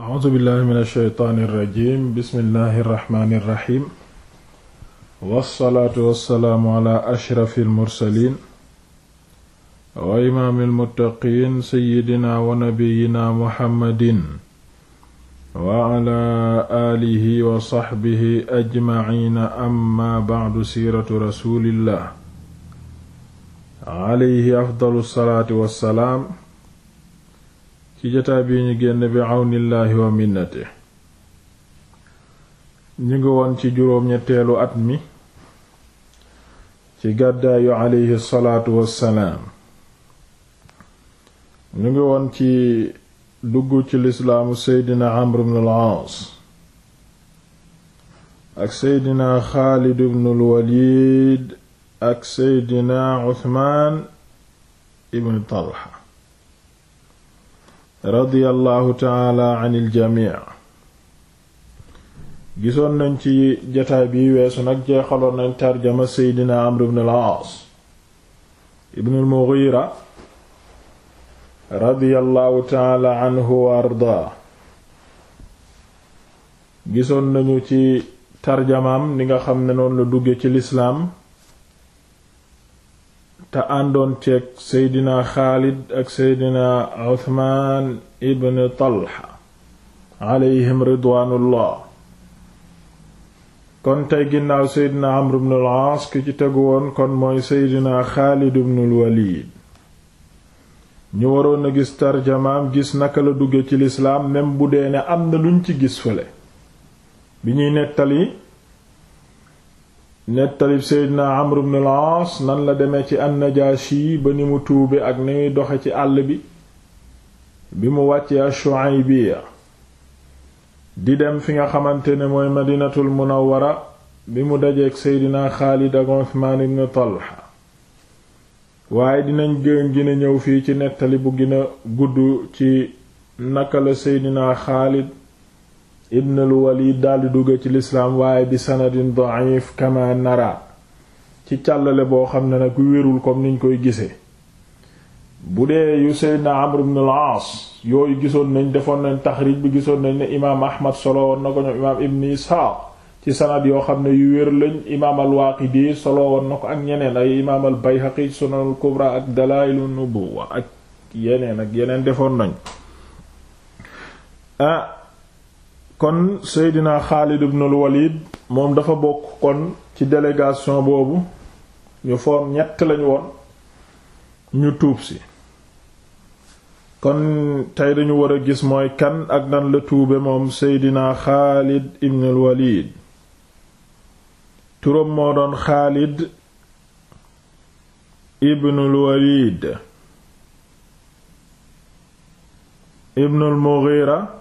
a'uuzu billahi min alsheytaani irrajim bismillahi irrahmani irrahim wassalaatu wassalaamu ala ashrafi almursalin wa imaami almuttaqiin seyidina wa nabiyina muhammadin wa ala aalihi wa saxbihi ajmaciina amma bacdu siiratu rasulillah alayhi afdalu salaati wassalaam ci jotaay bi ñu génn bi àwnillaahi wa minnate ñu ngi woon ci juróom ñetteelu at mi ci gàddaayu aleyhi salaatu wassalaam ñu ngi woon ci dugg ci lislaamu seydina amr ibn al-aas ak seydina xaalid ibn al ak seydina uthman ibn talha radiyallahu gisoon nañ ci jataay bi weesu nag jeexaloon nañ tarjama seydina amr ibn al-aas ibn al gisoon nañu ci tarjamaam ni nga xam ne noonu la dugge ci lislaam te àndoon ceeg seydina xaalid ak seydina uthman ibn talha alayhim ridwaanullah kon tey ginnaaw seydina amr ibn al ki ci tegu woon kon mooy seydina xaalid ibn al ñu waroon a gis tarjamaam gis naka la dugge ci lislaam même bu dee ne am na luñ ci gis fële bi ñuy nettali nettalib seydina amr ibn nan la demee ci an-najaashi ba ni mu tuube ak ni doxe ci àll bi bi mu wàccee bi shuaybiya di dem fi nga xamante ne mooy madinatul munawwara bi mu dajeek seydina xaalid ak uthman ibn talha waaye dinañ gën gina ñëw fii ci nettali bu gina gudd ci naka la seydina xaalid ibn al-Walid daldi dugg ci lislaam waaye bi sanadin da'if kama nara ci càllale boo xam ne nag wérul comme niñ koy gisee bu dee yu seydna Amr ibn aas yooyu gisoon nañ defoon nañ taxrij bi gisoon nañ ne imaam Ahmad solo woon na ko ñoom imaam Ibn Ishaq ci sanad yoo xam ne yu wér lañ imaam al-Waaqidi solo woon na ko ak ñeneen ay imaam al-Bayhaqi Sunan al-Kubra ak Dalaa'ilu nubuwwa ak yeneen ak yeneen defoon nañ ah, kon Seydina Xaalid ibn walid moom dafa bokk kon ci délégation boobu ñu form ñett lañu woon ñu tuub si kon tey dañu war a gis mooy kan ak nan la tuube moom Seydina Xaalid ibn walid turam moo doon Xaalid ibnul Walid ibnul Mughira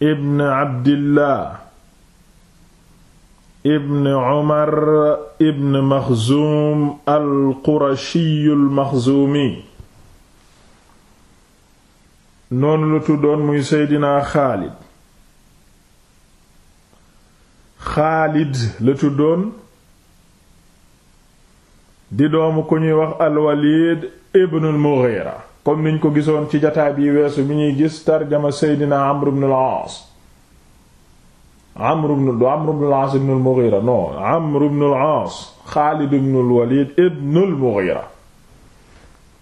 ibn abdillah ibn umar ibn maxzuum alqurashiyu almaxzuumi noonu la tuddoon muy seydinaa xaalid xaalid la tuddoon di doomu ku ñuy wax alwalid ibn almughira comme niñ ko gisoon ci jataay bi weesu bi ñuy gis tarjama seydina amr ibn al-aas amr ibn al-aas xaalid ibn al-walid ibn al-mughira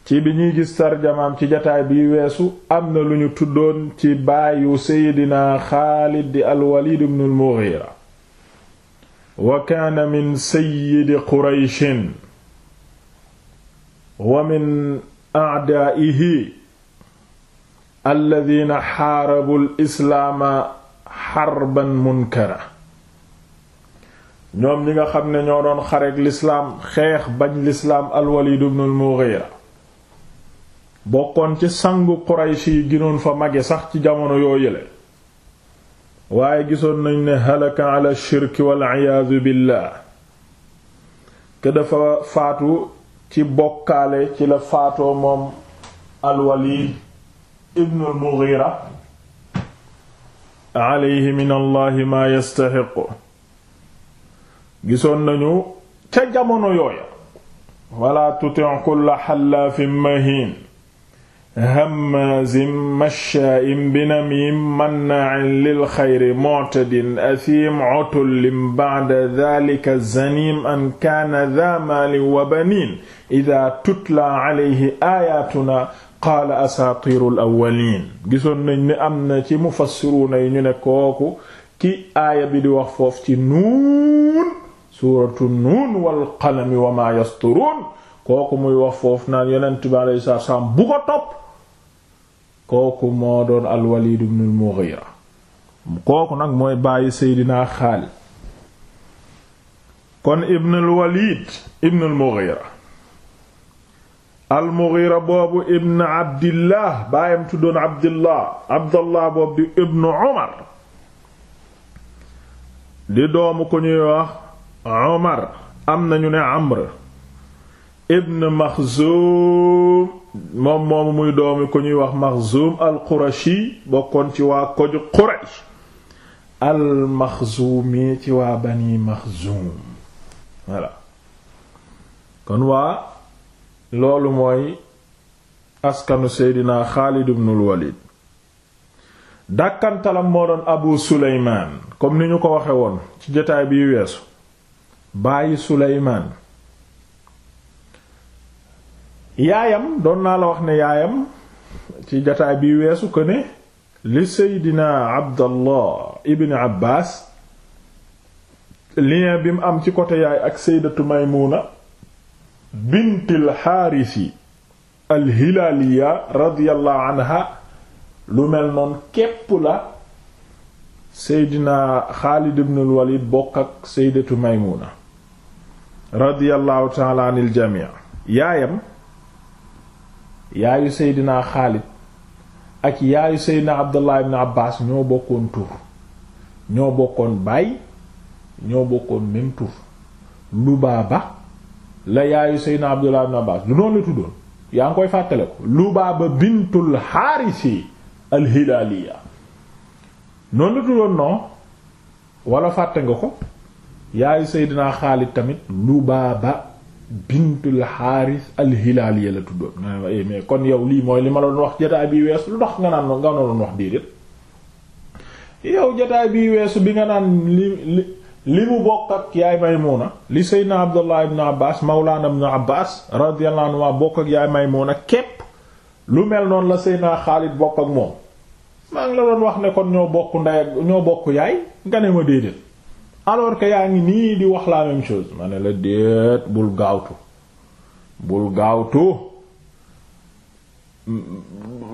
ci bi ñuy gis tarjamaam ci jataay bi weesu am na lu ñu tuddoon ci baayu seydina xaalid al-walid ibn al-mughira wa kaana min sayyidi qurayshin wa min a'daa'ihi alladhiina xaarabu al-islaama xarban munkara ñoom ñi nga xam ne ñoo doon xareek lislaam xeex bañ lislaam al-Waliid ibn al bokkoon ci sangu Quraysh yi ginoon fa mage sax ci jamono yoo yële waaye gisoon nañ ne halaka ala shirki wal iyaadu billah ke dafa faatu ci bokkaale ci la faatoo moom alwalid ibnu almughira alayhi min allahi gisoon nañu ca jamono yooya wala tuti' kulla xallaafin mahin hammaazin mashshaa'in binamiim mannaa'in lil xayri mu'tadin asiim utullin ba'da dhaalika zaniim an kaana dhaa maalin wa baniin idhaa tutlaa alayhi aayaatunaa qaala asaatiirul awwaliin gisoon nañ ne am na ci mufassiruuna yi ñu ne kooku ki aaya bi di wax foofu ci nuun suuratu nuun wal qalami wa maa yasturuun kooku muy wax foofu naan yonent bi alayhi salaam bu ko topp kooku moo doon alwalid ibn al kooku nag mooy bàyyi seydinaa Xaalid kon ibn al-Walid ibn al boobu ibn abdillah baayam tuddoon abdillah abdallah boobu di Umar di doomu ko ñuy wax Umar am nañu ne Amr ibn Maxzuum moom moomu muy doomi ku ñuy wax maxzuum al qurashi bokkoon ci waa koju quraysh al maxzuumi ci waa bani maxzuum kon waa loolu mooy askanu seydina xaalid ibnul walid dàkkantalam moo doon abu suleymaan comme ni ñu ko waxe woon ci jotaay bi weesu bàyyi suleymaan yaayam doon naa la wax ne yaayam ci jataay bi weesu ko ne li seydina abdallah ibn abbas lien bi mu am ci côté yaay ak seydatu maymuna bintil xaarisi alhilaaliya radiyallahu anha lu mel noon képp la seydina xaalid ibnul walid bokk ak seydatu maymuna radiyallahu taala anil jamii yaayam yaayu seydina Xaalid ak yaayu seydina Abdullah ibn Abbas ñoo bokkoon tur ñoo bokkoon baay ñoo bokkoon même tur Lubaaba la yaayu seydina Abdullah ibn Abbas lu noonu la tuddoon yaa ngi koy fàttale ko Lubaaba bintul Xaarisi al noonu tuddoon non wala fàtte nga ko yaayu seydina Xaalid tamit Lubaaba bintul xaaris alhilaaliya la tuddoon mais eh, mais kon yow lii mooy li ma doon wax jotaay bi weesu lu tax nga naan nga doon wax déedéet yow jotaay bi weesu bi nga naan li li li mu bokk ak yaay Maymuna li Seydina Abdullah ibn Abbas Mawlana ibn Abbas radiyallahu anhu bokk ak yaay Maymuna képp lu mel noonu la Seydina Xaalid bokk ak moom maa ngi la doon wax ne kon ñoo bokk ndey ak ñoo bokk yaay nga ne ma déedéet. alors que yaa ngi nii di wax la même chose ma ne la déet bul gaawtu bul gaawtu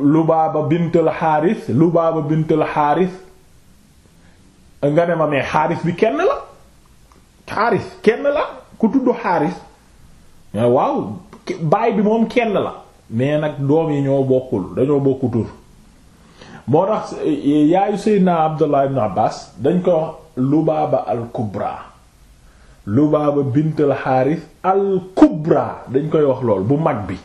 Lubaaba bintal Xaaris Lubaaba bintal Xaaris nga ne ma mais Xaaris bi kenn la Xaaris kenn la ku tudd Xaaris waaw baay bi moom kenn la mais nag doom yi ñoo bokkul dañoo bokku tur moo tax eh, yaayu Seydina Abdullah ibn Abbas dañ koy wax Lubaaba al Kubra Lubaaba bint al Xaaris dañ koy wax lool bu mag bi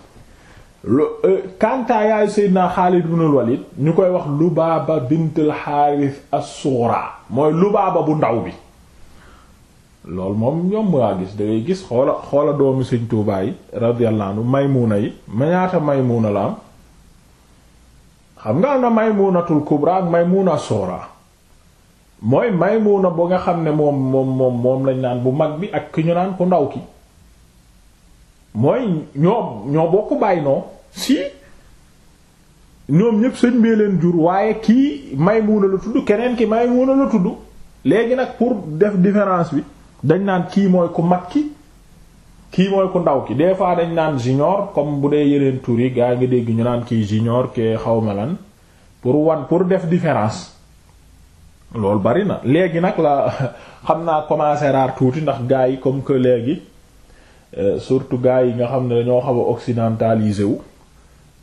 lu eh, Kanta yaayu Seydina Xaalid ibn al ñu koy wax Lubaaba bint al Xaaris as-Sughra mooy Lubaaba bu ndaw bi loolu moom yomb waa gis dangay gis xoola xoola doomi Sëriñ Tuubaa yi radiyallahu Maymuna yi ma ñaata Maymuna la am xam nga am na maymunatul kubra ak maymuna sora mooy maymuna bu nga xam ne moom moom moom lañ naan bu mag bi ak ki ñu naan ku ndaw ki mooy ñoo ñoo bokk bàyyi noo si ñoom ñépp sëñ bee leen jur waaye kii maymuna la tudd keneen ki maymuna la tudd léegi nag pour def différence bi dañ naan kii mooy ku mag ki kii mooy ku ndaw ki des fois dañ naan junior comme bu dee yeneen tur yi gaa ngi dégg ñu naan kii junior ke xaw ma lan pour wan pour def différence loolu bari na léegi nag la xam naa commencé raar tuuti ndax gaa yi comme que léegi euh, surtout gaa yi nga xam ne dañoo xaw a occidentalisé wu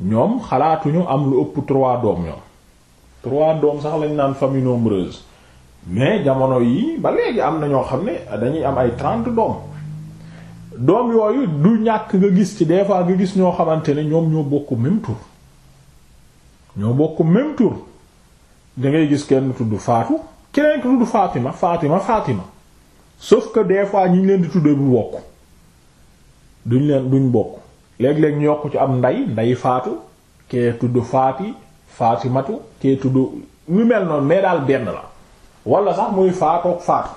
ñoom xalaatuñu am lu ëpp trois doom ñoom trois doom sax lañu naan famille nombreuse mais jamono yi ba léegi am na ñoo xam ne dañuy am ay trente doom doom yooyu du ñàkk nga gis ci des fois nga gis ñoo xamante ne ñoom ñoo bokk même tur ñoo bokk même tur da gis kenn tudd faatu keneen ki tudd Fatima Fatima Fatima sauf que des fois ñi ñu leen di tuddee bu bokk duñ duñ bokk léeg-léeg ci am nday nday faatu kee faati Fatimatu kee tudd lu mel noonu mais daal benn la wala sax muy faatoog faatu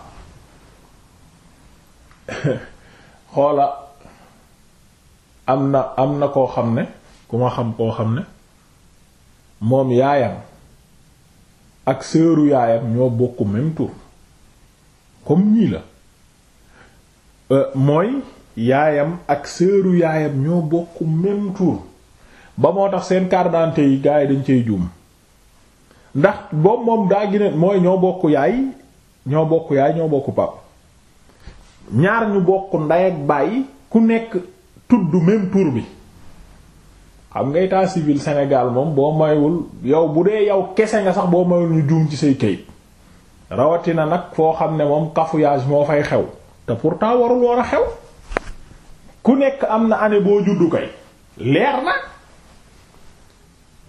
xoola am na am na koo xam ne ku ma xam koo xam ne moom yaayam ak sëru yaayam ñoo bokk même tur la euh, mooy yaayam ak sëru yaayam ñoo ba moo tax seen carte d'identité yi gars yi dañ cey juum ndax boobu moom daa gine mooy ñoo bokk yaay ñoo bokk yaay ñoo bokk pap ñaar ñu bokk ndey ak bàyyi ku nekk tudd même tuur bi xam nga état civil senegaal moom boo mayul yow bu dee yow kese nga sax boo mayul ñu juum ci say kayit rawatina nag foo xam ne moom cafouillage moo fay xew te pourtant warul war a xew ku nekk am na année boo juddu kay leer na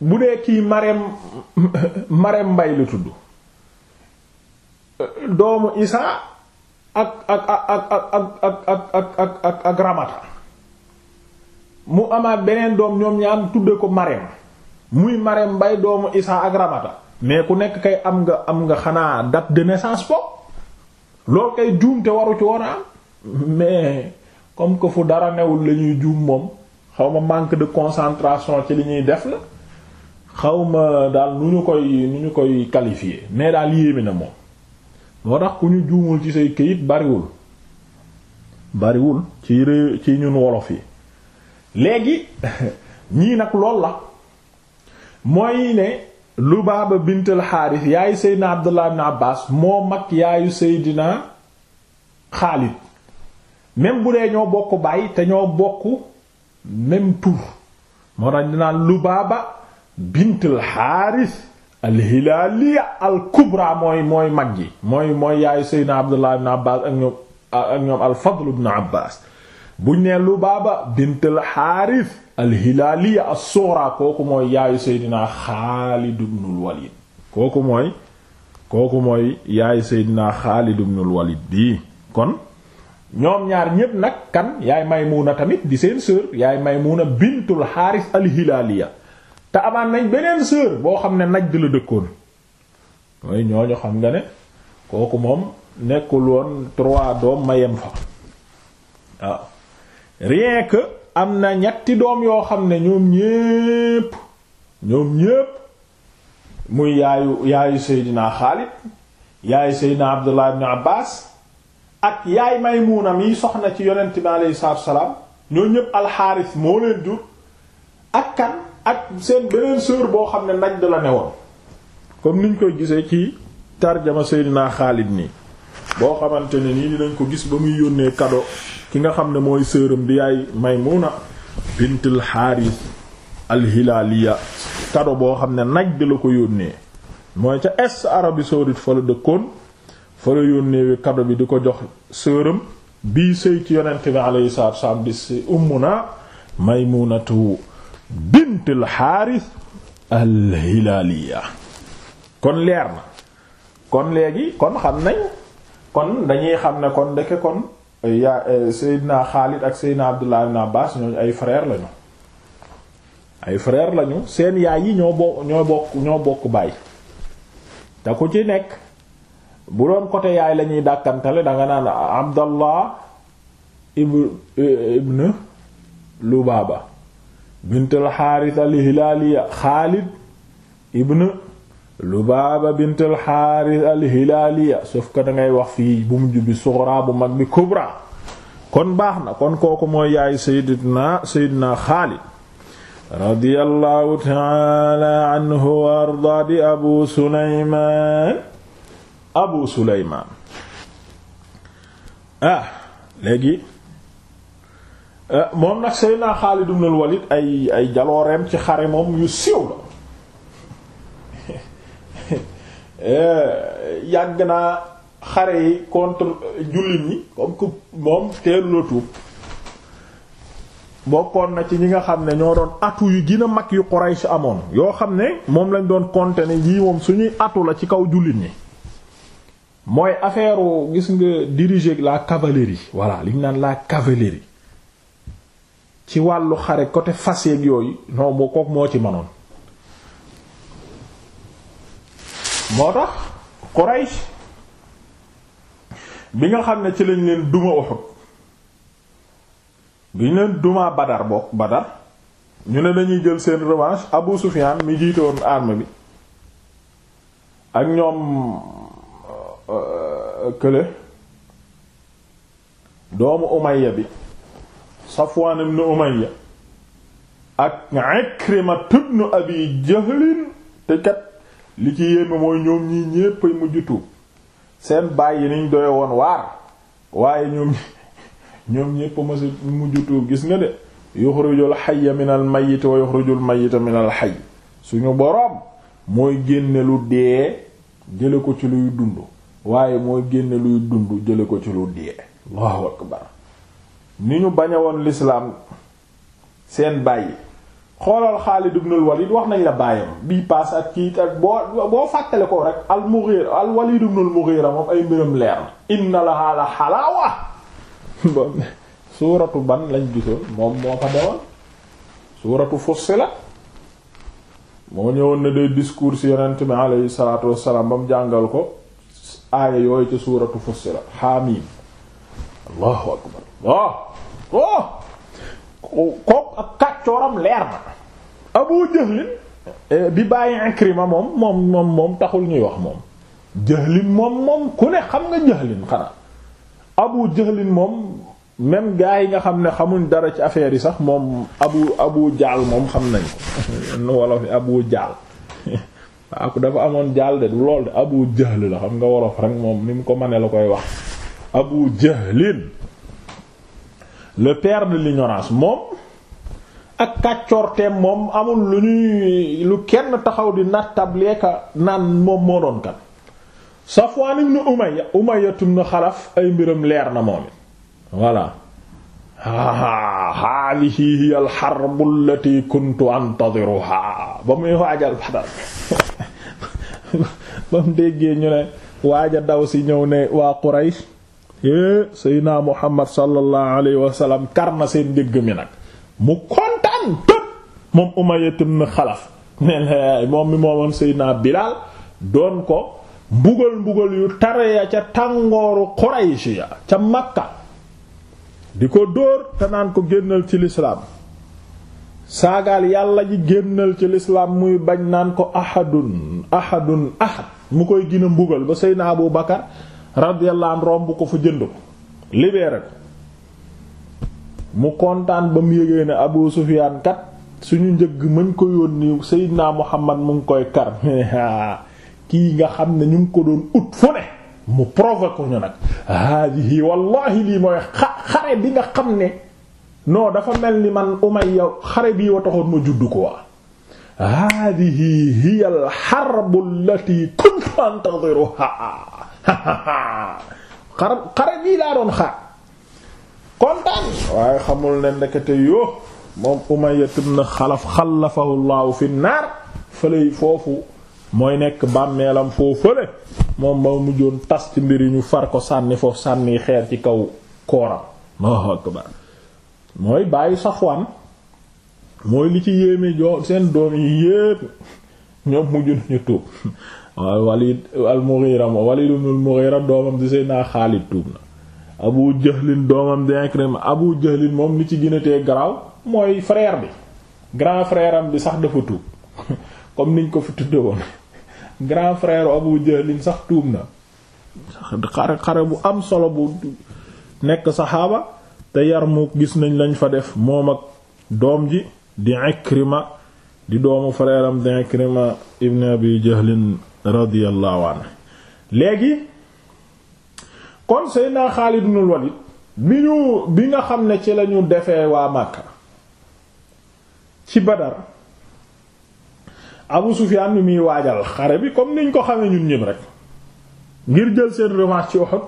bu dee kii Marème Marème Mbaye la tudd euh, doomu Isa ak ak ak ak ak ak ak ak ak ramata mu amaat beneen doom ñoom ñaan tudde ko Marème muy Marème bay doomu issant ak ramata mais ku nekk kay am nga am nga xanaa dat de naissance po loolu kay juum te waru ci woon a am mais comme que fu dara newul lañuy ñuy juum moom xaw ma manque de concentration ci li ñuy def la xaw daal nu ñu koy nu ñu koy qualifier mais daal yéeme na moom moo tax ku ñu juumul ci say këyit bariwul bariwul ci ré ci ñun wolof yi léegi ñii nag lool la mooy ne Lubaaba bintal Xaaris yaayu Seydina Abdullah ibn Abbas moo mag yaayu Seydina Xaalid même bu dee ñoo bokk baay te ñoo bokk même tur moo tax dinaan Lubaaba bintal Xaaris alhilaaliya al mooy mooy mag yi mooy mooy yaayu seydna abdullah ibn abbas ak ñoom ak ñoom al fadl ibn abbas buñ nee lubaaba bint al xaaris alhilaaliya as kooku mooy yaayu seydna xaalid ibn al kooku mooy kooku mooy yaayu seydna xaalid ibn al bii kon ñoom ñaar ñépp nag kan yaay maymuna tamit di seen sœur yaay maymuna bintul xaaris alhilaaliya te amaan nañ beneen sœur boo xam ne Najd la dëkkoon mooy ñooñu xam nga ne kooku moom nekkul woon trois doom ma yem fa waaw rien que am na ñetti doom yoo xam ne ñoom ñépp ñoom ñépp muy yaayu yaayu Seydina Xaalid yaayu Seydina Abdullah ibn Abbas ak yaay Maymuna mi soxna ci yonent bi aleyhi salaatu wa salaam ñoo ñépp alxaaris moo leen jur ak kan ak seen beneen sœur boo xam ne naj da la ne woon comme niñ koy gisee ci tarjama Seydina Xaalid nii boo xamante ne nii dinañ ko gis ba muy yónnee cadeau ki nga xam ne mooy sœuram bi yaay Maymuna bintul Xaaris al-Hilaaliya cadeau boo xam ne naj di la ko yónnee mooy ca est Arabie saoudite fa la dëkkoon fa la yónnee cadeau bi di ko jox sœuram bii sëy ci yonent bi alayhi salaatu wa salaam di si Ummuna Maymunatu bint alxaaris alhilaaliya kon leer na kon léegi kon xam nañ kon dañuy xam ne kon ndeke kon yaa eh, Seydina Xaalid ak Seydina Abdullah ibn Abbas ñoo ay freer lañu ay frère lañu seen yaay yi ñoo bokk ñoo bokk ñoo bokk baay te ku ci nekk bu doon côté yaay lañuy ñuy dàkkantale danga naan Abdallah ibn eh, baaba bint alxaaris alhilaaliya xaalid ibn lubaaba bint alxaaris alhilaaliya sauf dangay wax fii bu bi suxraa mag bi kubra kon baax na kon kooku mooy yaay seydina seydina xaalid radiyallahu taala anhu abu suleymaan abu suleymaan ah, léegi Euh, moom nag Seydina Xaalid du al-Walid ay ay jalooreem ci xare moom yu siiw la euh, yàgg naa xare yi contre jullit ñi comme que moom teelu la tuub bokkoon na ci ñi nga xam ne ñoo doon atu yu gën mag yu Quraysh amoon yoo xam ne moom lañ doon compter ne yii moom suñuy atu la ci kaw jullit ñi mooy affaire gis nga diriger la cavalerie voilà liñ naan la cavalerie ci wàllu xare côté fas yeeg yooyu non moo kook moo ci manoon moo tax Quraysh bi nga xam ne ci lañ leen duma Uhud bi ñu leen duma Badar bokk Badar ñu ne dañuy jël seen revanche Abu Sufyan mi jiite woon arme bi ak ñoom euh, kële doomu Umayya bi Safwaan ibn Umayya ak Ikrima ibn Abi Jahlin te kat li ci yéeme mooy ñoom ñii ñépp ay mujj tuub seen bàyyi niñ doye woon waar waaye ñoom ñoom ñépp mas a mujj tuub gis nga de yuxrujul xayya minal mayyit wa yuxrujul mayyita minal xayy suñu boroom mooy génne lu dee jële ko ci luy dund waaye mooy génne luy dund jële ko ci lu dee Allahu akbar ni ñu bañe woon lislaam seen bàyyi xoolal Xaalid ibn wax nañ la bàyyam bii paas ak kiit ak boo boo fàttale ko rek al-Mughira al-Walid ibn al-Mughira moom ay mbiram leer inna lahaa la halaawa suuratu ban lañ gisoon moom moo fa dewoon suuratu Fussilat moo ñëwoon na day discours yonent bi alayhi salaatu wassalaam ba mu jàngal ko aaya yooyu ca suuratu Fussilat haamiim allahu akbar oh kooku ak kàccooram leer na Abu Jahl eh, bi bàyyi Ikrima moom moom moom moom taxul ñuy wax moom Jahlin moom moom ku ne xam nga jëlin xanaa Abu Jahlin moom même gars yi nga xam ne xamuñ dara ci affaire yi sax moom abu abu jaal moom xam nañ ko nu wolof yi abu jaal waaw ku dafa amoon jaal de lool de abu jahl la xam nga wolof rek moom ni mu ko mënee la koy wax abu jahlin le père de l'ignorance moom ak kàccoorteem moom amul lu ñuy lu kenn taxaw di nattableeka naan moom moo doon kan Safwan ibn Umayya Umayyatum na xalaf ay mbiram leer na moom it voilà aa haadihi hiya al-harbu allati kuntu antadiruha ba muy waajal badal ba mu déggee ñu ne waaja daw si ñëw ne waa Quraysh é seydna muhammad sallallahu alayhi wa kar na seen njëgg mi nag mu kontaan tëb moom Umayya ibn Xalaf moom mi moomoon seydna Bilaal doon ko mbugal mbugal yu tare ya ca tàngooru Quraysh ya ca Makka di ko dóor te naan ko génnal ci lislaam saagaal yàlla ji génnal ci lislaam muy bañ naan ko ahadun ahadun ahad mu koy gën a mbugal ba seydna Abu Bakar radiyallahu anhu romb ko fa jënd ko libéré ko mu kontaan ba mu yëgee ne Abu Sufyaan kat suñu njëgg mañ ko yónni Seydina Muhammad mu ngi koy kar kii nga xam ne ñu ngi ko doon ut fu ne mu provoqué ñu nag haadihi wallahi lii mooy xare bi nga xam ne non dafa mel ni man Umayya xare bii wa ma juddu ko waa haadihi hiya al harbu allati kuntu xar xare bii laa doon xaar kontaan waaye xamul ne ndekete yoo moom Umayya ibn Xalaf xalafahu Allahu fi naar fële foofu mooy nekk bàmmeelam foofu fële moom moo mujjoon tas ci mbir yi ñu far ko sànni foofu sànni xeer ci kaw kooram Allahu mooy bàyyi Safwaan mooy li ci yéeme joo seen doom yi yépp ñoom mujj nañu tuub Walid al-Mughira moom Walid ibn al-Mughira doomam di Seydina Xaalid tuub na Abu Jahlin doomam di Ikrima Abu Jahlin moom li ci gënatee garaaw mooy frère bi grand frère bi sax dafa tuub comme niñ ko fi tudde woon grand frère Abu Jahlin sax tuub na xare bu am solo bu nekk saxaaba te Yarmuk gis nañ lañ fa def moom ak doom ji di Ikrima di doomu frère am di Ikrima ibn Abi Jahlin radiyallahu anhu léegi kon Seydina Xaalid ibnul Walid bi ñu bi nga xam ne ci lañu defee waa Makka ci Badar Abu Sufyaan mi muy waajal xare bi comme niñ ko xamee ñun ñëpp rek ngir jël seen revanche ci Uhud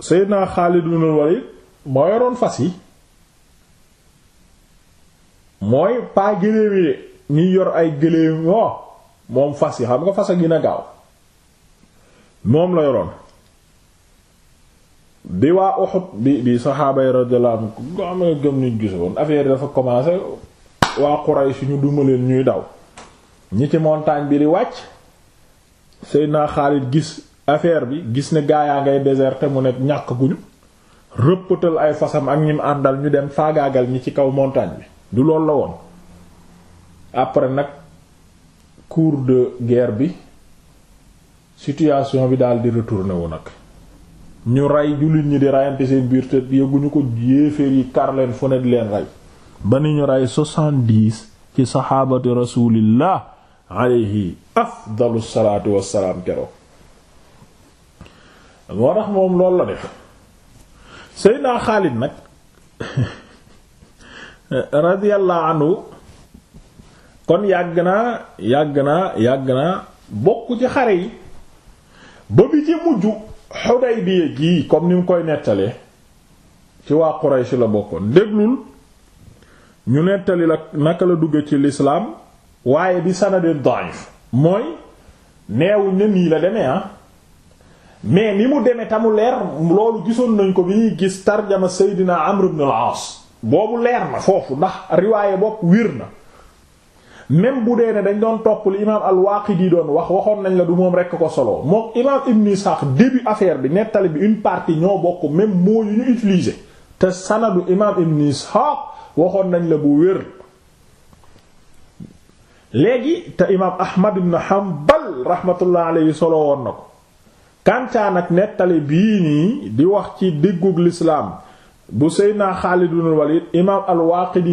Seydina Xaalid ibnul Walid yoroon fas yi mooy paa gëléem yi ñuy yor ay gëléem yoo moom fas yi xam nga fas a gën a gaaw moom la yoroon bi waa Uhud bi bi saxaaba yi radiyallahu nga xam nga gëm ñu gisoon affaire dafa commencé waa Quraysh ñu duma leen ñuy daw ñi ci montagne bi di wàcc Seydina Xaalid gis affaire bi gis ne gaa yaa ngay déserté mu ne ñàkk guñu rëppatal ay fasam ak ñim àndal ñu dem faagaagal ñi ci kaw montagne bi du loolu la woon après nag cours de guerre bi situation bi daal di retourné wu nag ñu rey jullit ñi di reyante seen biir te yëguñu ko yéeféer yi kar leen leen rey ba ni ñu rey soixante-dix ci saxaabatu rasulillah afdalu salaatu wassalaam keroog moo tax moom loolu la def Seydina Xaalid nag radiyallahu anhu kon yàgg naa yàgg naa yàgg naa bokk ci xare yi ba bi ci mujj Xudaybiya gii comme ni mu koy nettalee ci waa Quraysh la bokkoon déglul ñu nettali la naka la dugg ci lislaam waaye bi sanadee da'if mooy neewuñ ne nii la demee ah mais ni mu demee tamu leer loolu gisoon nañ ko bi ñuy gis tarjama Seydina Amr ibn al-As boobu leer na foofu ndax riwaaye bopp wiir na même bu dee ne dañ doon topp li imaam al-Waaqidi doon wax waxoon nañ la du moom rekk ko solo moom imaam Ibn Ishaq début affaire bi nettali bi une partie ñoo bokk même moo yu ñu utiliser te sanadu imaam Ibn Ishaq waxoon nañ la bu wér. léegi te imaam Ahmad ibn Hanbal rahmatullah yi solo woon na ko kantaan ak nettali bii nii di wax ci diggug lislaam bu Seydina Xaalid ibn Walid imaam al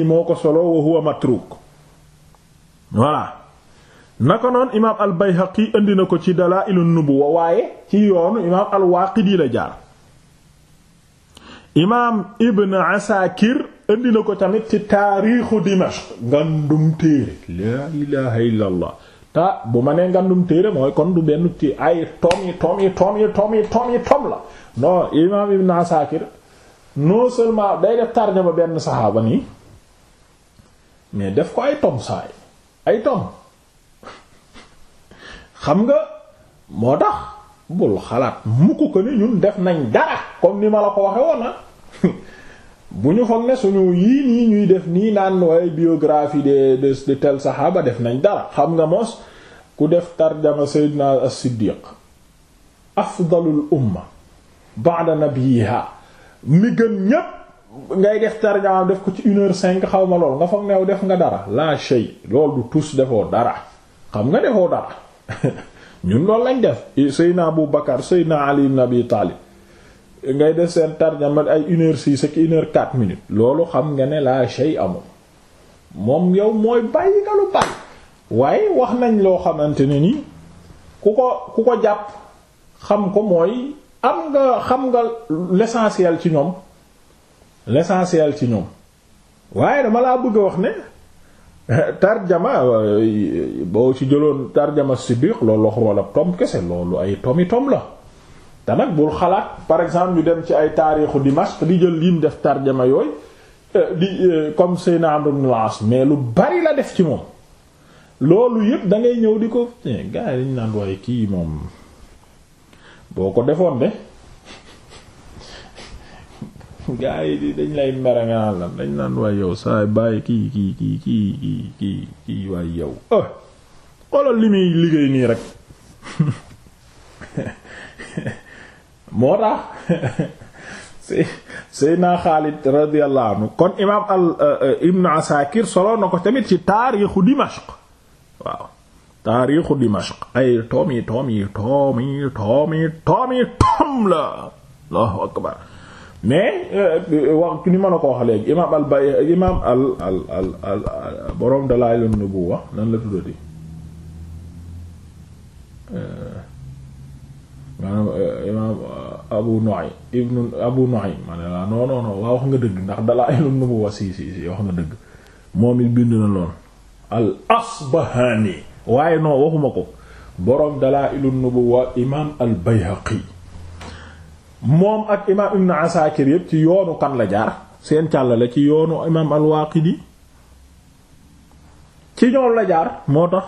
moo ko solo wa matruk voilà naka noonu imaam al bayhaqi indi na ko ci dalaa'ilu nubuwa waaye ci yoonu imaam al waaqidi la jaar imaam ibn asakir indi na ko tamit ci taariixu dimashq ngandum téere laa ilaha illa allah bu ma nee ngandum téere mooy kon du benn ci ay tom yi tom yi tom yi tom yi tom yi tom la non imaam ibn asakir non seulement day def tarjama benn saxaaba nii mais def ko ay tom saay ay tomb xam nga moo tax bul xalaat mukk ko ni ñun def nañ dara comme ni ma la ko waxe woon na bu ñu foog ne suñu yii nii ñuy def nii naan waaye biographie de de tel saxaaba def nañ dara xam nga moos ku def tarjama Seydina as-Siddiq afdalul umma ba'da nabiyiha mi gën ñépp ngay def tarjamaam def ko ci une heure cinq xaw ma lool nga foog new def nga dara la shay lool du tus defoo dara xam nga defoo dara ñun loolu lañ def Seydina Abu Bakar Seydina Ali ibn Abi Talib ngay def seen tarjama ay une heure six ak une heure quatre minutes loolu xam nga ne la shay amul moom yow mooy bàyyi nga lu bàyyi waaye wax nañ loo xamante ne ni ku ko ku ko jàpp xam ko mooy am nga xam nga l'essentiel ci ñoom l'essentiel ci ñoom waaye dama laa bëgg a wax ne tarjama boo ci jëloon tarjama Siddiq loolu waxul ab tom kese loolu ay tomi tom la te nag bul xalaat par exemple yu dem ci ay di Dimashq di jël mu def tarjama yooyu eh, di eh, comme Seydina Amr ibn mais lu bari la def ci moom loolu yépp da ngay ñëw di ko eh, gars yi dañu naan waaye kii moom boo ko defoon de. gaa yi di dañ lay mere nga naan lan dañ naan waay yow saay bàyyi kii kii kii kii kii kii kii waay li muy liggéey nii rek moo tax Seydina Xaalid radiyallahu anhu kon imaam al Ibn Asakir solo na ko tamit ci taarixu Dimashq waaw taarixu Dimashq ay toom yi toom yi toom yi toom la Allahu akbar mais euh, wax ni ma a ko wax léegi imaam al bay imaam al al al al borom Dalaa'ilun Nubuwwa nan la tuddati euh, maanaam euh, imaam Abu Nu'aym ibn Abu Nu'aym ma ne la waa wax nga dëgg ndax Dalaa'ilun Nubuwwa si si si wax nga dëgg moom it bind na lool al Asbahaani waaye non waxuma ko borom Dalaa'ilun Nubuwwa imaam al Bayhaqi moom ak imaam ibn Asakir yëpp ci yoonu kan la jaar seen la ci yoonu imaam al-Waaqidi ci ñoom la jaar moo tax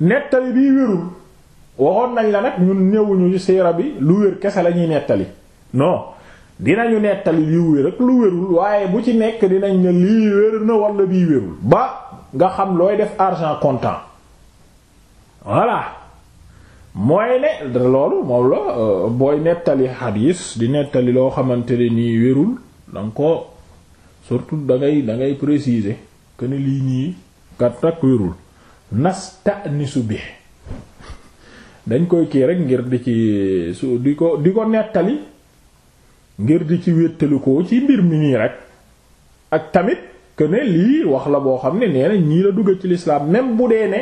nettali bii wérul waxoon nañ la nag ñun néewuñu siira bi lu wér kese la ñuy nettali non dinañu nettali lii wér ak lu wérul waaye bu ci nekk dinañ ne lii wér na wala bii wérul ba nga xam looy def argent comptant voilà mooy ne loolu moom la euh, booy nettali xadiis di nettali loo xamante ne nii wérul danga ko surtout da ngay da ngay que ne lii ñii kat tak wérul nastanisu bi dañ koy kii rek ngir di ci su di ko di ko nettali ngir di ci wéttalikoo ci mbir mi nii rek ak tamit que ne lii wax la boo xam ne nee na ñii la dugg ci l'islam même bu dee ne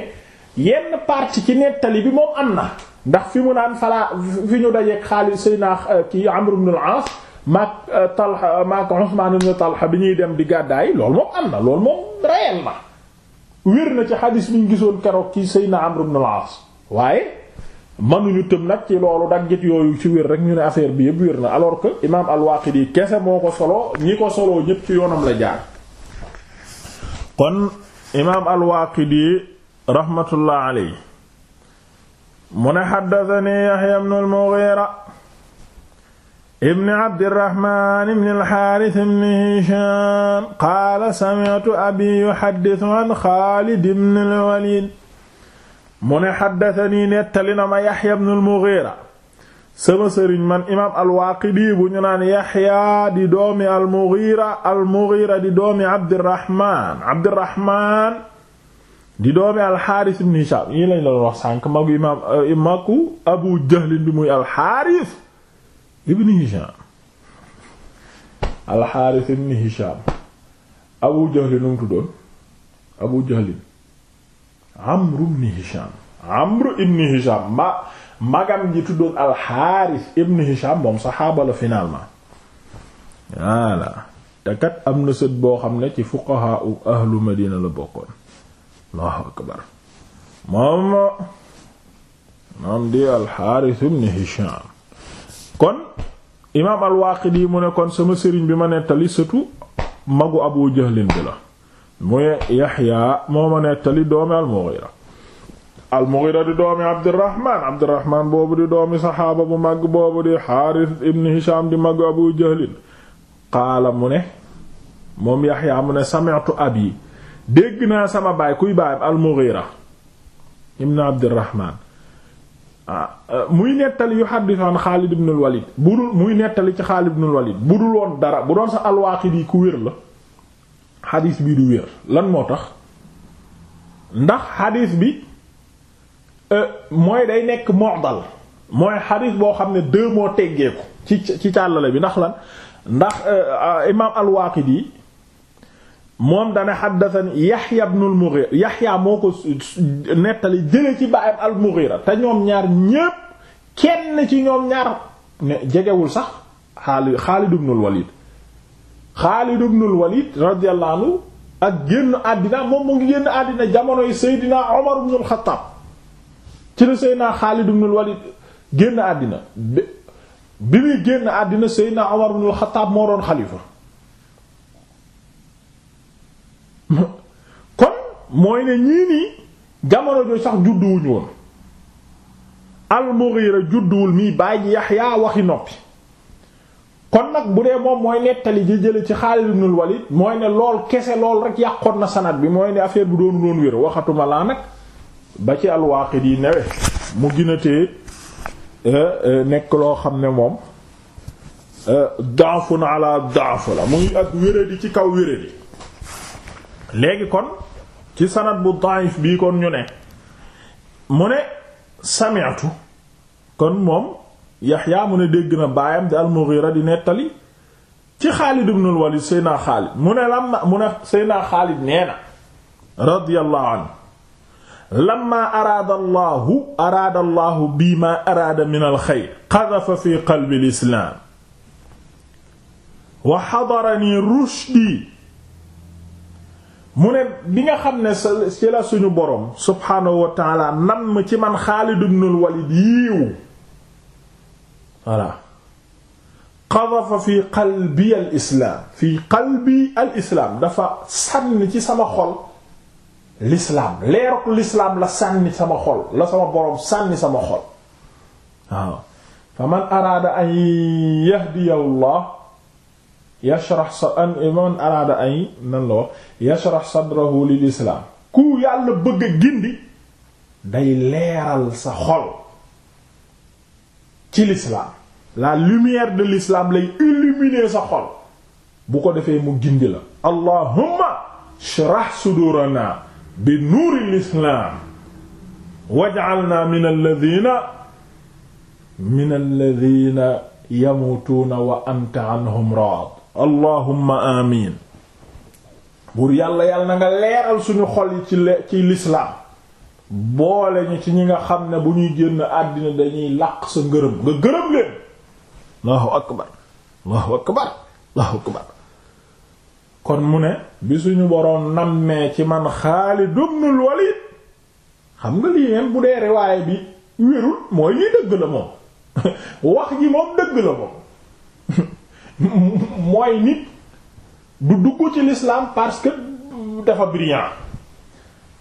yenn partie ci nettali bi moom am na ndax fi mu naan falaa fi ñu dajeeg xaalis sayna euh, kii Amr ibn al-As maak euh, Talha euh, maak Usman ibn Talha bi ñuy dem di gàddaay loolu moom am na loolu moom réellement wér na ci xadis bi ñu gisoon keroog ci sayna Amr ibn al-As waaye mënuñu tëm nag ci loolu daggit yooyu ci wér rek ñu ne affaire bi yëpp wér na alors que imaam al-Waqidi kese moo ko solo ñi ko solo ñépp ci yoonam la jaar kon imaam al-Waqidi raxmatullah aley mu ne xaddatani yaxya bnu almughira ibni abdirahman ibni alxaaris ibni hisham qaala sami'tu abi yuxaddisu an xaalid ibni alwalid mu ne xaddatani nettali na ma yaxya bnu almughira sama sëriñ man imaam alwaaqidi bu ñu naan yaxya di doomi almughira almughira di doomi abdirahman abdirahman di doomi alxaaris ibn Hishaam yii lañ la doon wax sànq magu imaam eh, maku Abu Jahl bi muy alxaaris ibn Hishaam alxaaris ibn Hishaam Abu Jahl nu mu tuddoon Abu Jahl Amr ibn Hishaam Amr ibn Hishaam ma magam ji tuddoon alxaaris ibn Hishaam moom saxaaba la finalement voilà te am na sët boo xam ne ci fuqahaa ahlu Madina la bokkoon allahu akbar moom moom di alxaaris ibn hisham kon imaam alwaaqidi mu ne kon sama sëriñ bi ma nettali sëtu magu abu jahlin bi la muy yaxya moo ma nettali doomi almughira almughira di doomi abdirahman abdirahman boobu di doomi saxaaba bu mag boobu di xaaris ibn hisham di magu abu jahlin qaala mu ne moom yaxya mu ne sami'tu abi dégg naa sama baay kuy baayam al-Mughira ibn Abdurrahman ah, euh, muy nettali yu xaddis an Xaalid ibn al-Walid bu dul muy nettali ci Xaalid ibn al-Walid bu dul woon dara bu doon sa al-Waaqidi ku wér la xadis bi du wér lan moo tax ndax xadis bi euh, mooy day nekk mu'dal mooy xadis boo xam ne deux moo teggeeku ci ci càllale bi ndax lan ndax euh, imaam al-Waaqidi moom dana xaddasani yaxya ibnul mughira yaxya moo ko nettali jële ci baayam al mughira te ñoom ñaar ñépp kenn ci ñoom ñaar ne jegewul sax xaali xaalid ibnul walid xaalid ibnul walid radiyallahu anhu ak génn àddina moom mu ngi génn àddina jamonoy seydina omar ibnul xattaab ci la seydina xaalid ibnul walid génn àddina bi muy génn àddina seydina omar ibnul xattaab moo doon xalifa mooy ne ñii nii jamono jooju sax judduwuñu woon al-Mughira judduwul mii bàyyi Yaxya waxi noppi kon nag bu dee moom mooy nettali ji jële ci Xaalid ibnul Walid mooy ne lool kese lool rek yàqoon na sanad bi mooy ne affaire bu doonu doon wér waxatuma laa nag ba ci al-Waaqidi newe mu ginatee eh, eh, nekk loo xam ne moom eh, daafun ala daaf la muy ak wéradi ci kaw wéradi léegi kon ci sanad bu da'if bii kon ñu ne mu ne sami'tu kon moom yaxyaa mu ne dégg na baayam di al-Mughira di nettali ci Xaalid ibn al-Walid Seydina Xaalid mu ne lamma mu ne Xaalid nee na radiyallahu anhu lamma araada Allahu bi ma araada min al-xayr qadafa fi qalbi al wa hadarani rushdi mu ne bi nga xam ne ci la suñu borom subhaanahu wa taala nam ci man Xaalid ibnul Walid yiiw voilà qadafa fi qalbi al islaam fi qalbi al dafa sànni ci sama xol l'islaam leerok l'islaam la sànni sama xol la sama borom sànni sama xol waaw faman araada an yahdiya Allah yashrax sa an man araada ay nan la wax yashrax sadrahu lil islaam ku yàlla bëgg a gindi day leeral sa xol la lumière de l'islam lay illuminer sa xol bu ko defee mu gindi la allahumma shrah sudurana bi nuuril islaam waj'alna min alladhina min alladhina yamutuuna wa anta anhum raad allahumma amin buur yàlla yàlla na nga leeral suñu xol yi ci le ci lislaam boole ñu ci ñi nga xam ne bu ñuy génn àddina dañuy làq sa ngërëm nga gërëm leen allahu akbar allahu akbar allahu akbar kon mu ne bi suñu boroom nammee ci man Xaalid ibnul Walid xam nga lii même bu dee riwaaye bi wérul mooy lii dëgg la moom wax ji moom dëgg la moom mooy nit du dugg ci l'islam parce que dafa brillant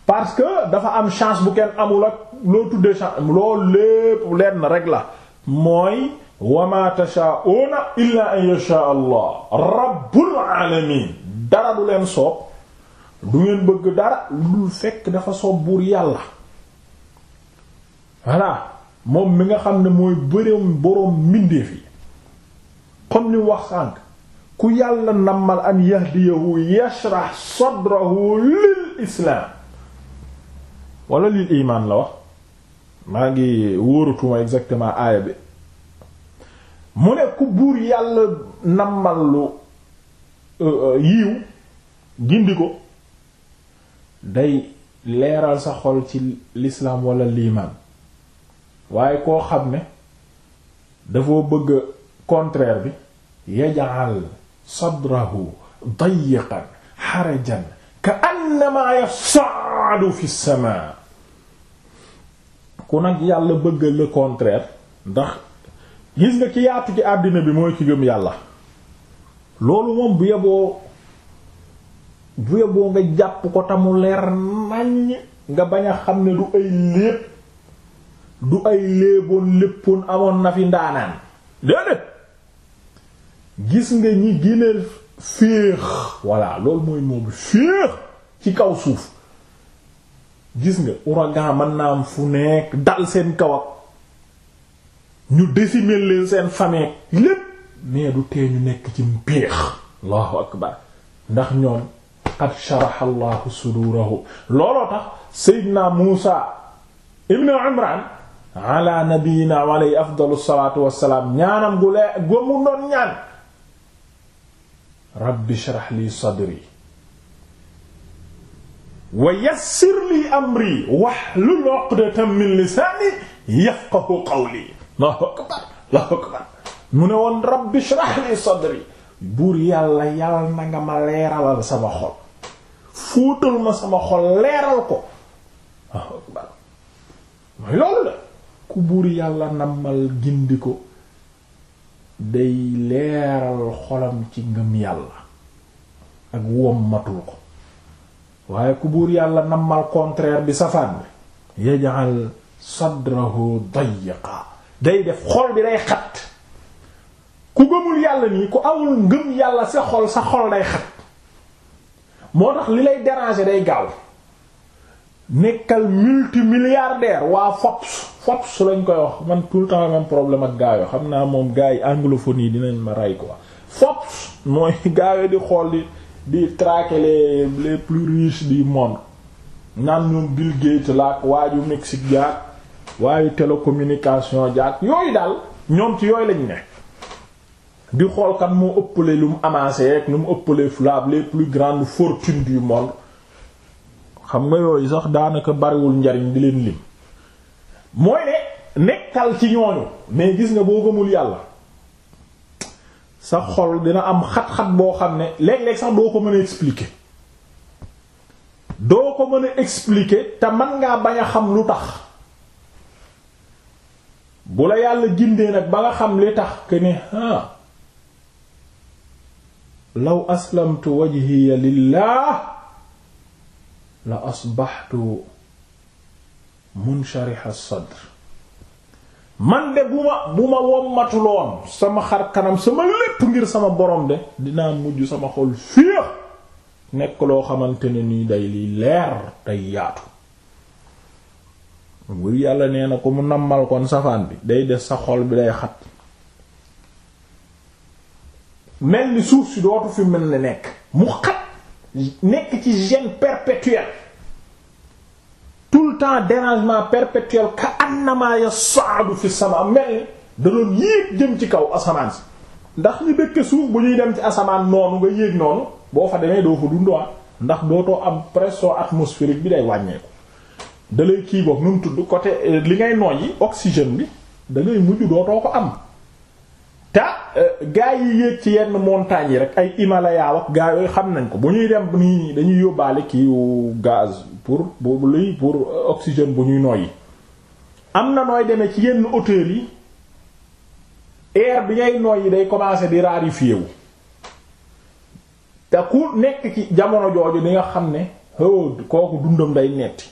parce que dafa am chance bu kenn amul ak loo tuddee chance loolu lépp lenn rek la mooy wama tashaa'una illa an yasha allah rabbul alamin dara du leen soob du ngeen bëgg dara lu fekk dafa soob buur yàlla voilà moom mi nga xam ne mooy bëreem boroom mbindeef yi comme ni wax sànq ku yàlla nammal an yahdiyahu yashrah sadrahu lil islaam wala lil imaan la wax maa ngi wóoratuma exactement aaya bi mu ne ku buur yàlla nammal euh, euh, yiw yiiw gindi ko day leeral sa xol ci lislaam walla liimaan waaye koo xam ne dafoo bëgg contraire bi yaj'al sadrahu dayiqan xarajan ka'annama yas'adu fi samaa ku nag yàlla bëgg le contraire ndax gis nga ki yaatu ci àddina bi mooy ki gëm yàlla loolu moom bu yeboo bu yeboo nga jàpp ko tamu leer naññ nga bañ a xam ne du ay léeb du ay léeboon léppoon amoon na fi ndaanaan déedéet gis nga ñi gën a féex loolu mooy moom féex ci kaw suuf gis nga ouragan mën naa am fu nekk dal seen kaw ak ñu décimer leen seen fameek lépp mais du tee nekk ci mbiix allahu akbar ndax ñoom qad sharaha allahu sudurahu looloo tax seydina muusa ibnu imran ala nabiyina wa alayhi afdalu salatu wasalaam ñaanam gu lee gomu doon ñaan rabbi shrah li sadri wa yassir li amri wahlul uqdatan min lisaani yafqahu qawli allahu akbar allahu akbar mu ne woon rabbi shrah li sadri buur yàlla yàlla na nga ma leeralal sama xol fóotal ma sama xol leeral ko allahu akbar mooy loolu ku buur yàlla nammal gindi ko day leeral xolam ci ngëm yàlla ak wom matul ko waaye ku buur yàlla nammal contraire bi safaan bi yaj'al sadrahu dayiqa day def xol bi day xat ku gëmul yàlla nii ku amul ngëm yàlla sa xol sa xol day xat moo tax li lay déranger day gaaw nekkal multimilliardaire waa Forbes Forbes lañ koy wax man tout le temps même problème ak gars yi xam naa moom gars yi anglophonie dinañ ma ray ko Forbes mooy gars di xool di di les plus riches du monde naan ñoom Bill Gates laak waaju Mexique jaak waayu télécommunication jaak yooyu daal ñoom ci yooyu lañ ne di xool kan moo ëppale lu mu amassé rek lu mu ëppale flab les plus grandes fortunes du monde xam nga yooyu sax daanaka bariwul njariñ di leen lim mooy ne nekkal ci ñooñu mais gis nga boo gëmul yàlla sa xol dina am xat-xat boo xam ne léeg-léeg sax doo ko mën a expliquer doo ko mën a expliquer te man nga bañ a xam lu tax bu la yàlla gindee nag ba nga xam li tax que ne ah law aslamtu wajhiya lillah la asbaxtu munsharih as man de bu ma bu ma wommatuloon sama xar kanam sama lépp ngir sama borom de dinaa mujj sama xol féex nekk loo xamante ne nii day li leer day yaatu buur yàlla nee na ko mu nammal kon safaan bi day des sa xol bi day xat mel ni suuf si dootu fi mel ni nekk mu xat nekk ci gêne perpétuelle tout le temps dérangement perpétuel ka annama yas'adu fi sama mel da doon yéeg jëm ci kaw asamaan si ndax ñu dëkk suuf bu ñuy dem ci asamaan noonu nga yéeg noonu boo fa demee doo fa dundoo ah. ndax dootoo am pression atmosphérique bi day wàññeeku da lay kii boog nu mu côté euh, li ngay yi oxygène bi da ngay mujj too ko am ta euh, gaa yi yéeg ci yenn montagnes yi rek ay Himalaya wax gaa xam nañ ko bu ñuy dem nii dañuy yóbbaale kiiwu gaz pour boobu luy pour euh, oxygène bu ñuy noyyi am na nooy demee ci yenn hauteur yi air bi ngay noyyi day commencer di raréfié wu te ku nekk ci jamono jooju di nga xam ne oh, kooku dundam day netti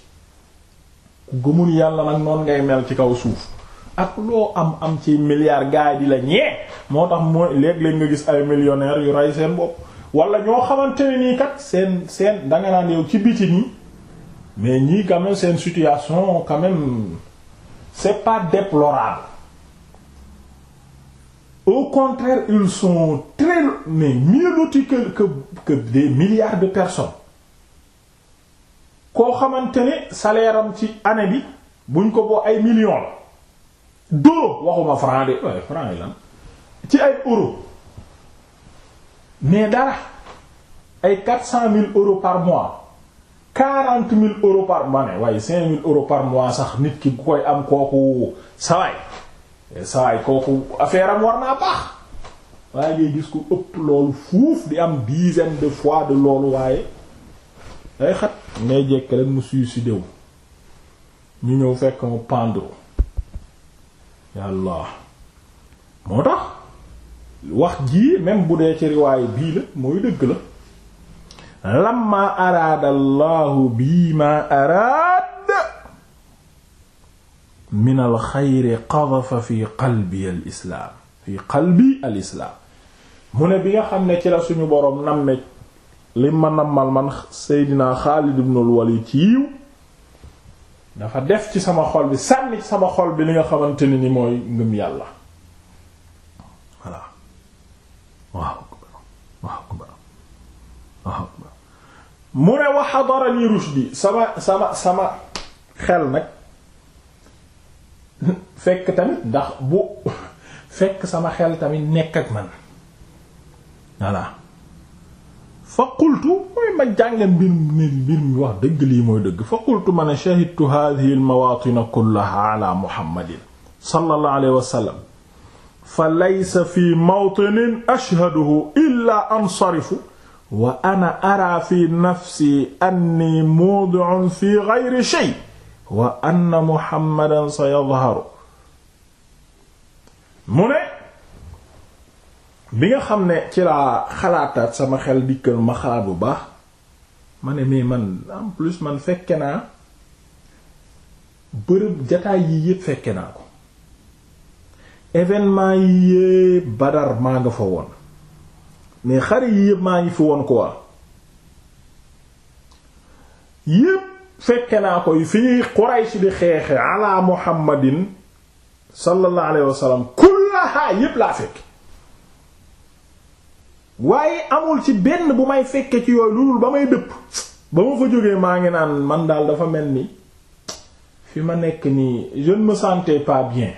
ku gëmul yàlla nag noonu ngay mel ci kaw suuf ak loo am am ci milliard gaay di la ñee moo tax mooy léeg-léeg nga gis ay millionnaires yu rey seen bopp wala ñoo xamante nii kat seen seen da nga naan ci biti mais ñii quand même seen situation quand même c'est pas déplorable au contraire ils sont très mais mieux de personnes koo xamante ne salaire ci année bi buñ ko boo ay million la doo waxuma franc de waaye franc yi lan ci ay euro mais dara ay quatre cent mille euros par mois quarante mille euros par mois waaye cinq sax nit ki ku koy am kooku sawaay sawaay kooku affaire am war naa baax waaye ngay gis ko ëpp loolu fuuf di am dizaine de fois de loolu waaye day xat ngay jekk rek mu suicidé wu ñu ñëw fekk mu pendre yàlla moo tax wax jii même bu dee ci riwaay bii la mooy dëgg la lamma araada allahu bii ma araad min al xayri fi qalbi al islaam fi qalbi al mu ne bi nga xam ne ci la suñu boroom namme li ma nammal man seydinaa xaalid ibnul walid ci yiw dafa def ci sama xol bi sànni sama xol bi li nga xamante ne ni mooy ngëm yàlla voilà waaw waaw waaw mu ne wa hadarani bi sama sama sama xel nag fekk tamit ndax bu fekk sama xel tamit nekk ak man voilà fa qultu mooy ma jàngal mbir mi mbir mi wax dëgg lii mooy dëgg fa qultu ma ne shahidtu hadhihi almawaatina kullaha ala muhammadin sallallahu alayhi wa sallam fa laysa fi mawtinin ashhaduhu illa ansarifu wa ana araa fi nafsi anni mudi'un fi ghayri shay wa anna muhammadan sayadhharu mu ne bi nga xam ne ci laa xalaataat sama xel dikkal ma xalaat bu baax ma ne mais man en plus man fekke naa bërëb jataay yi yépp fekke naa ko événement yi yépp Badar maa nga fa woon mais xare yi yépp maa ngi fi woon ko waa yépp fekke naa koy fi ñuy si di xeexe ala muhammadin sallallahu alayhi wa sallam kullaha yépp laa fekk waaye amul ci benn bu may fekke ci yooyu loolu ba may dëpp ba ma fa jógee maa ngi naan man daal dafa mel ni fi ma nekk nii je ne me sentais pas bien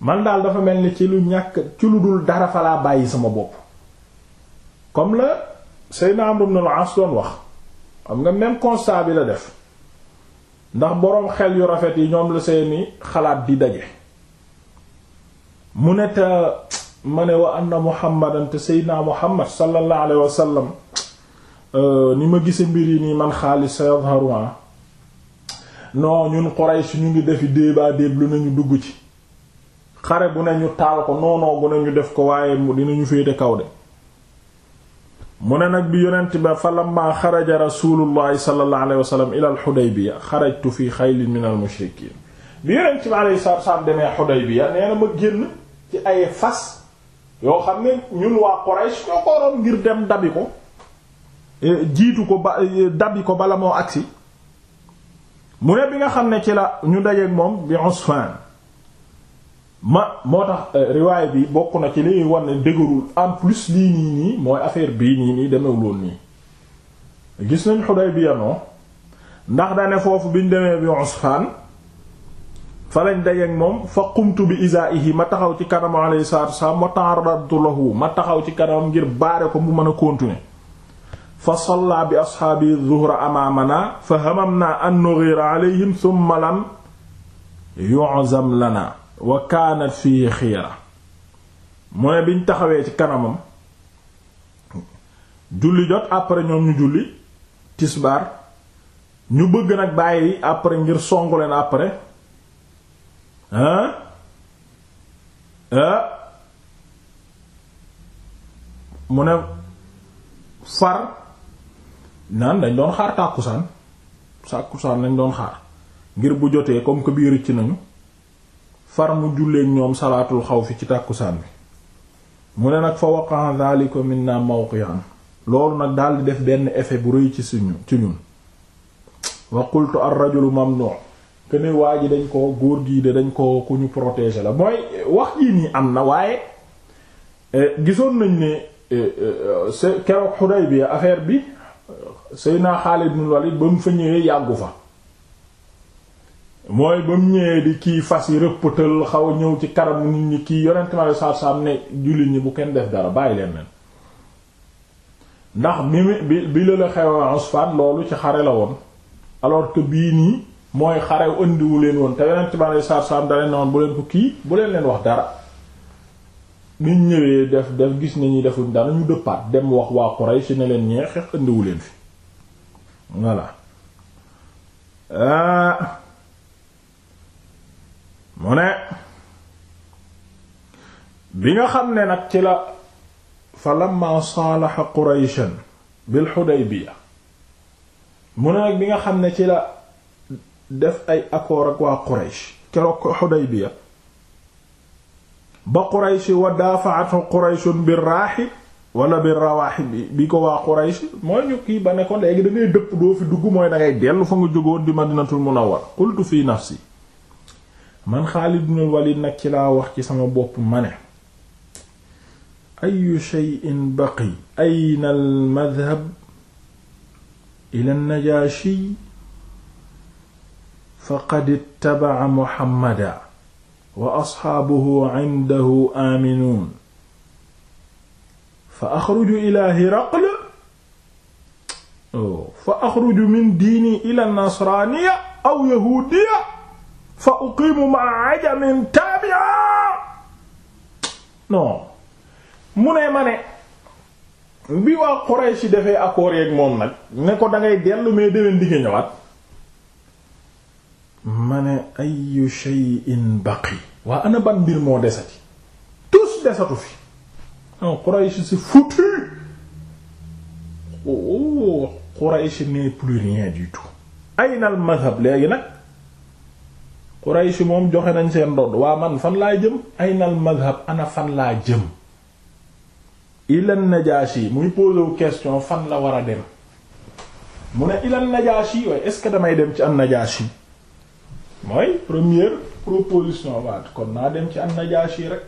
man daal dafa mel ni ci lu ñàkk ci lu dul dara fa laa bàyyi sama bopp comme la Seydina Amr ibn al-As doon wax xam nga même constat bi la def ndax boroom xel yu rafet yi ñoom la seeni xalaat di daje mu ne ta ma ne wa anna muhammadan te seydina muhammad sallallahu alayhi wa sallam euh, ni ma gise mbir yi nii man xaalis sa yadharu ah. non ñun Quraysh ñu ngi defi déebaa déeb lu nañu dugg ci xare bu na ñu taal ko noonoo gu ne ñu def ko waaye dinañu féete kaw de mu ne nag bi yonent ba fa lamma xaraja rasulullahi sallallahu alayhi wa sallam ila al xarajtu fi xaylin min al bi yonent bi alayhi salaatu wa salaam demee Hudaybiya nee na ma génn ci ay fas yoo xam ne ñun waa Quraysh ñoo ko waroon ngir dem dabi ko eh, jiitu ko ba eh, dabi ko bala moo agsi mu ne bi nga xam ne ci la ñu dajeeg moom bi Usfan ma moo tax eh, riwaay bi bokk na ci li war ne dëgërul en plus lii nii nii mooy affaire bii nii nii demewul woon nii gis nañ Hudaybiya non ndax daane foofu biñ demee bi Usfan fa lañ dajeeg moom fa qumtu bi izaa'ihi ma taxaw ci kanam alayhi salaatu wassalaam wa ta'arradtu lahu ma taxaw ci kanam ngir baare ko mu mën a continuer fa salla bi ashaabi zuhra amaamana fa hamamna an nughira alayhim thumma lam yu'zam lana wa kaanat fii xiira mu ne biñ taxawee ci kanamam julli jot après ñoom ñu julli tisbaar ñu bëgg nag bàyyi après ngir songu leen après ah mu ne far naan dañ doon xaar tàkkusaan tàkkusaan lañ doon xaar ngir bu jotee comme biir bii rëcc nañu far mu julleek ñoom salaatul xaw fi ci tàkkusaan bi mu ne nag fa waqa'a dhalika minna mawqi'an loolu nag di def benn effet bu rëy ci si ci ñun wa qultu ar-rajulu mamnu' que waa ji dañ koo góor gii de dañ koo ku ñu protéger la mooy wax jii nii am na waaye eh, gisoon nañ ne eh, eh, keroog bi affaire bi sëy naa Seydina Xaalid ibn Walid ba mu fa ñëwee yàggu fa mooy ba mu ñëwee di kii fas yi rëppëtal xaw a ñëw ci kanamu nit ñi kii yonent ma saab-saab ne jullit ñi bu kenn def dara bàyyi leen ndax bi bi bi la la xew Usfan loolu ci xare la woon alors que bii nii mooy xare andiwu leen woon te yonent bi alayhi salaatu salaam daleen woon bu leen ko kii bu leen leen wax dara niñ ñëwee def def gis nañuy defuñ dara ñu dëppaat dem wax waa Quraysh ne leen ñee xeex andiwu leen fi voilà ah. mu bi nga xam ne nag ci la fa lamma saalaxa Qurayshan bil Hudaybiya mu ne nag bi nga xam ne ci la def ay accord ak waa Quraysh keroog ko Hudaybiya ba Quraysh wa daafa'athu Quraysh bir raahib wala bir rawaahi bi bi ko waa Quraysh mooy ñu kii ba ne ko léegi da ngay dëpp doo fi dugg mooy da ngay dellu fa nga jógoon di Madinatul Munawwar fi nafsi man Xaalid nag ci laa wax ci sama bopp ma ne ayu shay'in baqi ayna al madhab ila an faqad ittabaca muhammada wa asxaabuhu cindahu aaminuun fa axruju ila hiraql oh, fa axruju min diini ila nasraaniya aw yahuudiya fa uqiimu maca ajamin taabia non mu ne ma ne bi waa Quraysh defee accord yeeg moom nag ne ko dangay dellu mais déwén di nga ñëwaat ma ne ay ayu shay'in baqi waa ana ban mbir moo desati tous desatu fi non ah, Quraysh c'est foutu oh Quraysh n'est plus rien du tout ayna al madhab léegi nag Quraysh moom joxe nañ seen dodd waa man fan laa jëm ay nal madhab ana fan laa jëm ilan Najaashi muy posewu question fan la war a dem mu ne ilan Najaashi waaye est-ce que damay dem ci an Najaashi mooy première proposition waat kon naa dem ci am najaashi rek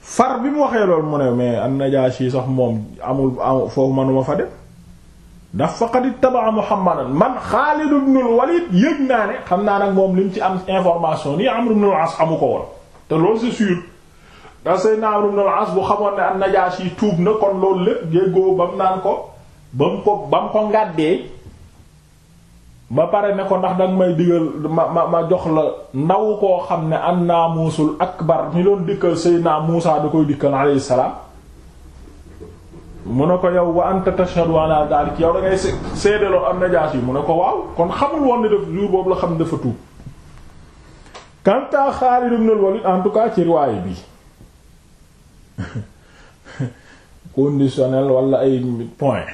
far bi mu waxee loolu mu ne mais an-Najaashi sax moom amul foofu manuma fa dem ndax faqad ittaba'a Muhammadan man Xaalid ibn al-Walid yëg naa ne xam naa nag moom li mu ci am information nii Amr ibn al-As amu ko woon te loolu c'est sûr ndax Seydina Amr ibn al-As bu xamoon ne an-Najaashi tuub loolu lépp jéggoo ba mu ko ba mu ko ba mu ko ngàddee ba pare ne ko ndax danga may digal ma ma ma jox la ndaw koo xam ne am naamuusul akbar mi doon dikkal Seydina Muusaa da koy dikkal alayhi salaam mu ne ko yow wa anta a ala dalik yow da ngay seedaloon am najaas yi mu ne ko waaw kon xamul woon ne def jour boobu la xam ne dafa tuub quant à Xaalid ibn al-Walid en tout cas ci riwaay bi conditionnel wala ay point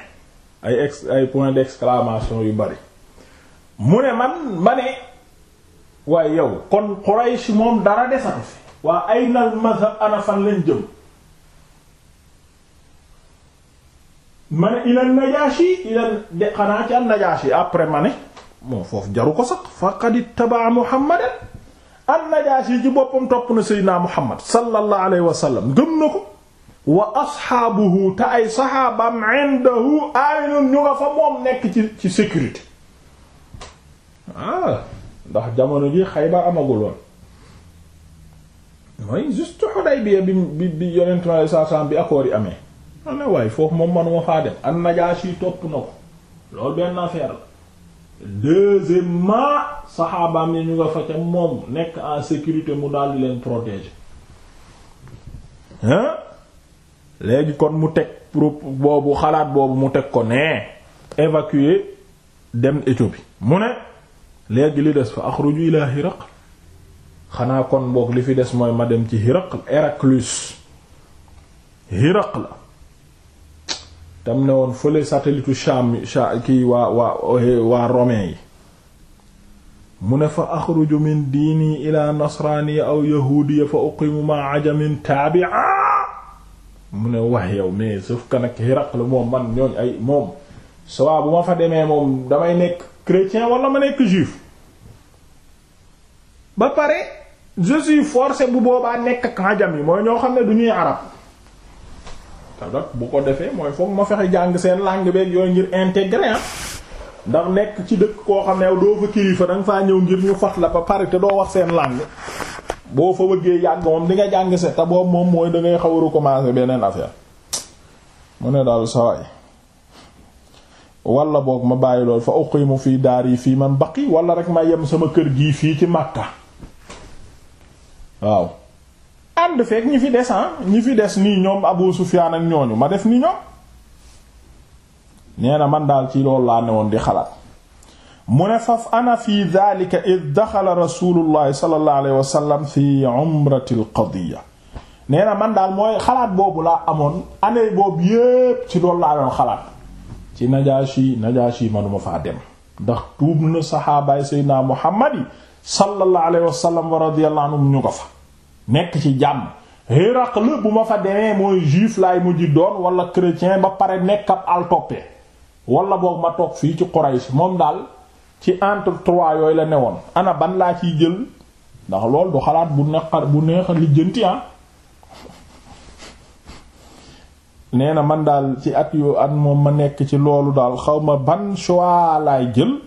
ay ex ay point d'exclamation yu bari mu ne man ma waaye yow kon Quraysh moom dara desatu fi waa ay nal mazhab ana fan lañ jëm ma ne ilal Najaashi ilal de xanaa al Najaashi après ma moo foofu jaru ko sax faqad ittaba Muhammadan al Najaashi ci boppam topp na Seydina Muhammad sallallahu alayhi wa sallam gëm na ko wa asxaabuhu te ay saxaabaam indahu aminun ñu nga fa moom nekk ci ci Ah, ndax jamono ji Xaybar amagul woon mooy juste Hudaybiya bi bi bi yonentu saa saa bi accord yi amee ah, man waaye foofu moom manuma faa dem an Najaashi topp na ko loolu benn affaire la deuxièmement saxaabaam yi ñu nga fa ca moom nekk en sécurité mu daldi leen protéger léegi kon mu teg pro boobu xalaat boobu mu teg ko nee évacuer dem Éthiopie mu ne léegi li des fa axruju ilaa Hiraql xanaa kon boog li fi des mooy ma dem ci Hiraql Héraclus Hiraql la tam ne woon fële satelliteu Sham kii waa waa waa romain yi mu ne fa axruju min diini ila nasraaniya aw yahuudiya fa uqimu ma ajamin taabia mu ne wax yow mais sauf que nag Hiraql la moom man ñooñ ay moom sawaa bu ma fa demee moom damay nekk chrétien wala ma nekk juif ba pare je suis forcé bu boobaa nekk ak ajam yi mooy ñoo xam ne du ñuy arab tadak bu ko defee mooy foog ma fexe jàng seen langue beeg yooyu ngir intégré ah ndax nekk ci dëkk koo xam ne doo fa kilifa danga faa ñëw ngir ñu fax la ba pare te doo wax seen langue boo fa wëggee yàgg moom di nga jàng se te boobu moom mooy da ngay xaw a recommencer beneen affaire mu ne daal sawaay wala boog ma bàyyi lool fa uqimu fii daar yi fii man baqi wala rek ma yem sama kër gii fii ci Makka waaw ànd fekk ñi fi des ah, ñi fi des nii ñoom Abu Sufyaan ak ñooñu ma def nii ñoom nee na man daal ci loolu laa woon di xalaat mu ne faf ana fi dhalika id daxala rasulullahi sallallahu alayhi wasallam fi umrati al qadiya man daal mooy xalaat boobu laa amoon année boobu yépp ci loolu laa doon xalaat ci Najaashi Najaashi manuma faa dem ndax tuub na saxaabaay Seydina Muhammad yi sallallahu alayhi wa sallam wa radiyallahu anhum ñu ko fa nekk ci jàmm Hiraql bu ma fa demee mooy juif laay mujj doon wala chrétien ba pare nekk ab altoppe wala boog ma toog fii ci Quraysh moom daal ci entre trois yooyu la ne woon ana ban laa ciy jël ndax lool du xalaat bu neex lijjanti ah nee na man daal ci at yu at moom ma nekk ci loolu daal xaw ma ban choix laay jël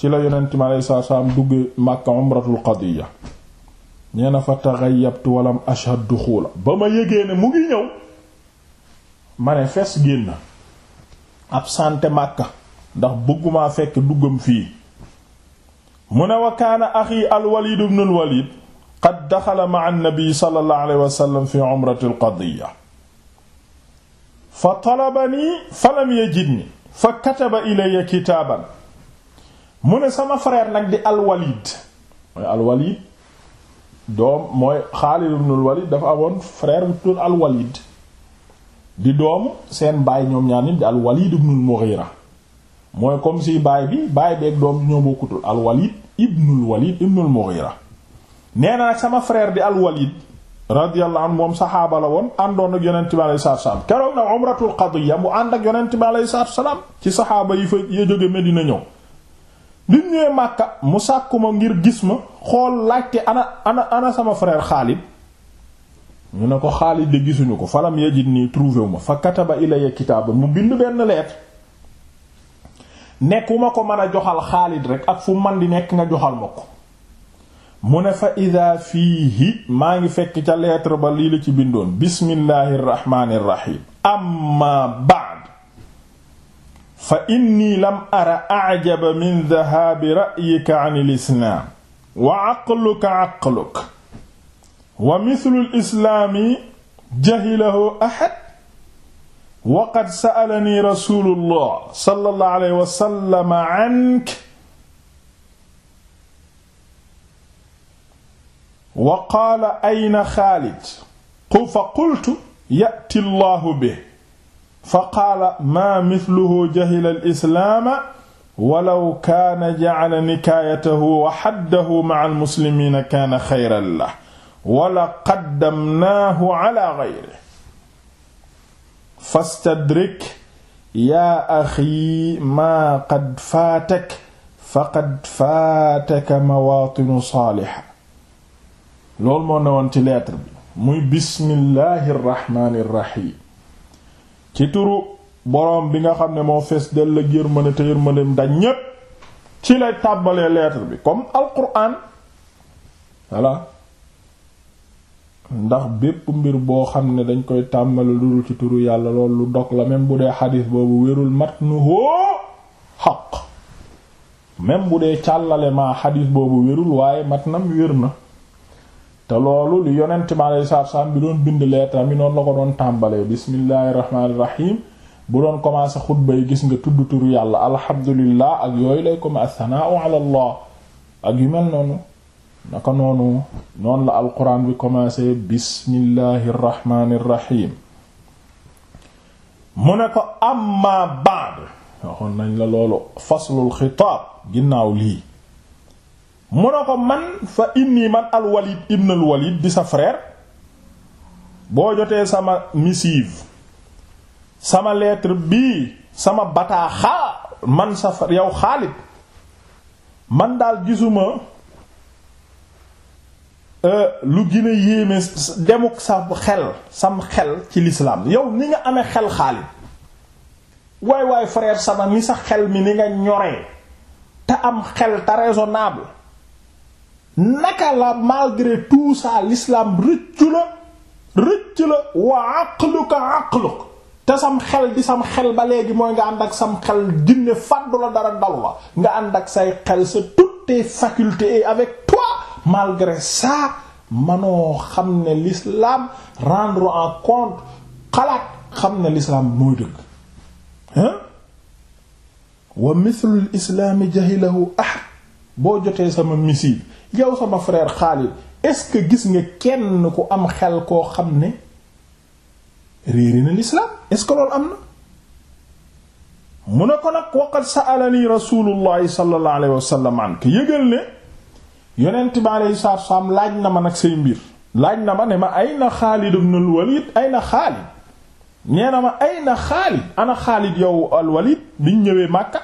ci la yonent mi aleyhi salaatu salaam dugg Makka umratul qadiya nee na fa taghayyabtu ba ma yégee ne mu ngi ñëw ma ne fes génn absenté Makka ndax bëggumaa fekk duggam fii mu ne wa kaana axi al-Walid ibn al-Walid qad dakhala ma'a an-nabi sallallahu alayhi wa fi umratil qadiya fa talabani falam yajidni fa kataba ilayya kitaaban mu ne sama frère nag di alwalid mooy alwalid doom mooy Xaalid ibnul Walid dafa amoon frère bu tudd di doom seen baay ñoom ñaar nit di alwalid ibnul Mughira mooy comme si baay bi baay beeg doom ñoo bokkutul alwalid ibnul Walid ibnul Mughira nee naa nag sama frère di alwalid radiyallahu anhu moom saxaaba la woon àndoon ak yonent bi alayhi salaatu salaam keroog nag umratul qadiya mu ànd ak yonent bi alayhi salaatu salaam ci saxaaba yi fa ya jóge Medina ñëw bi mu ñëwee Màkka mu sàkku ma ngir gis ma xool laajte ana ana ana sama frère Xaalid ñu ne ko Xaalid de gisuñu ko falam yajid nii trouvé wu ma fa kataba ilayya kitaaba mu bind benn leet nekku ma ko mën a joxal Xaalid rek ak fu man di nekk nga joxal mbokk mu ne fa ida fiihi maa ngi fekk ca lettre ba lii la ci bindoon bismillahi irrahmani irrahim amma ba'd fa inni lam ara a'jaba min dhahaabi ra'yika 'an al-islaam wa 'aqluka 'aqluka wa mithlu al-islaami jahilahu ahad wa qad sa'alani rasuulullah sallallahu alayhi wa sallam 'anka wa qaala ayna xaalid qu fa qultu yati llahu bi fa qaala maa mithluhu jahila alislaama walaw kaana jacala nikaayatahu wa xaddahu maca almuslimiina kaana xayran lah wala qaddamnaahu cala gayrihi fastadrik yaa axi maa qad faatak faqad faataka mawaatinu saalixa loolu moo newoon ci lettre bi muy bismillahi irrahmani irrahim ci turu borom bi nga xam ne moo fees dell gi yërmande te yërmandeem dañ ñépp ci lay tàmbalee lettre bi comme alquran voilà ndax bépp mbir boo xam ne dañ koy tàmbali lu dul ci turu yàlla loolu lu dog la même bu dee xadis boobu wérul matnuhu xaq même bu dee càllale ma xadis boobu wérul waaye mat matnam wér na te loolu li yonent mi alayhi salaatu bi doon bind leetam yi noonu la ko doon tàmbalee bismillahi rahmaani rahim bu doon commencé xutba yi gis nga tudd turu yàlla alhamdulillah ak yooyu lay comme asanaau ala allah ak yu mel noonu naka noonu noonu la alquran bi commencé bismillahi rahmaani rahim mu ne ko amma ba'd waxoon nañ la loolu faslul xitaab ginnaaw lii mu ne ko man fa inni man alwalid ibn alwalid di sa frère boo jotee sama missive sama lettre bii sama bataaxaa man sa yow Xaalid man daal gisuma euh, lu gën a yéeme demuk sa xel sam xel ci lislaam yow ni nga amee xel Xaalid waay waay frère sama ni sa xel mi ni nga ñoree te am xel te raisonnable naka la malgré tout ça lislaam rëccu la rëcc la wa aqluka aqluk te sam xel di sam xel ba léegi mooy nga ànd ak sam xel ginne fàddu la dara dal la nga ànd ak say xel sa toutes avec toi malgré ça manoo xam ne l'islam rendre en compte xalaat xam ne l'islam mooy dëgg hein wa mithlu al jahilahu boo jotee sama missile yow sama frère Khalid est-ce que gis nga kenn ku am xel koo xam ne réeri na l'islam est-ce que loolu am na mu ne ko nag waqad sa rasulullahi sallallahu alayhi wasallam an ke yëgal ne yonent bi laaj na ma nag say mbir laaj na ma ne ma ayna Xaalid ibn al-Walid ayna Xaalid nee na ma ayna Xaalid ana Xaalid yow al-Walid biñ ñëwee Màkka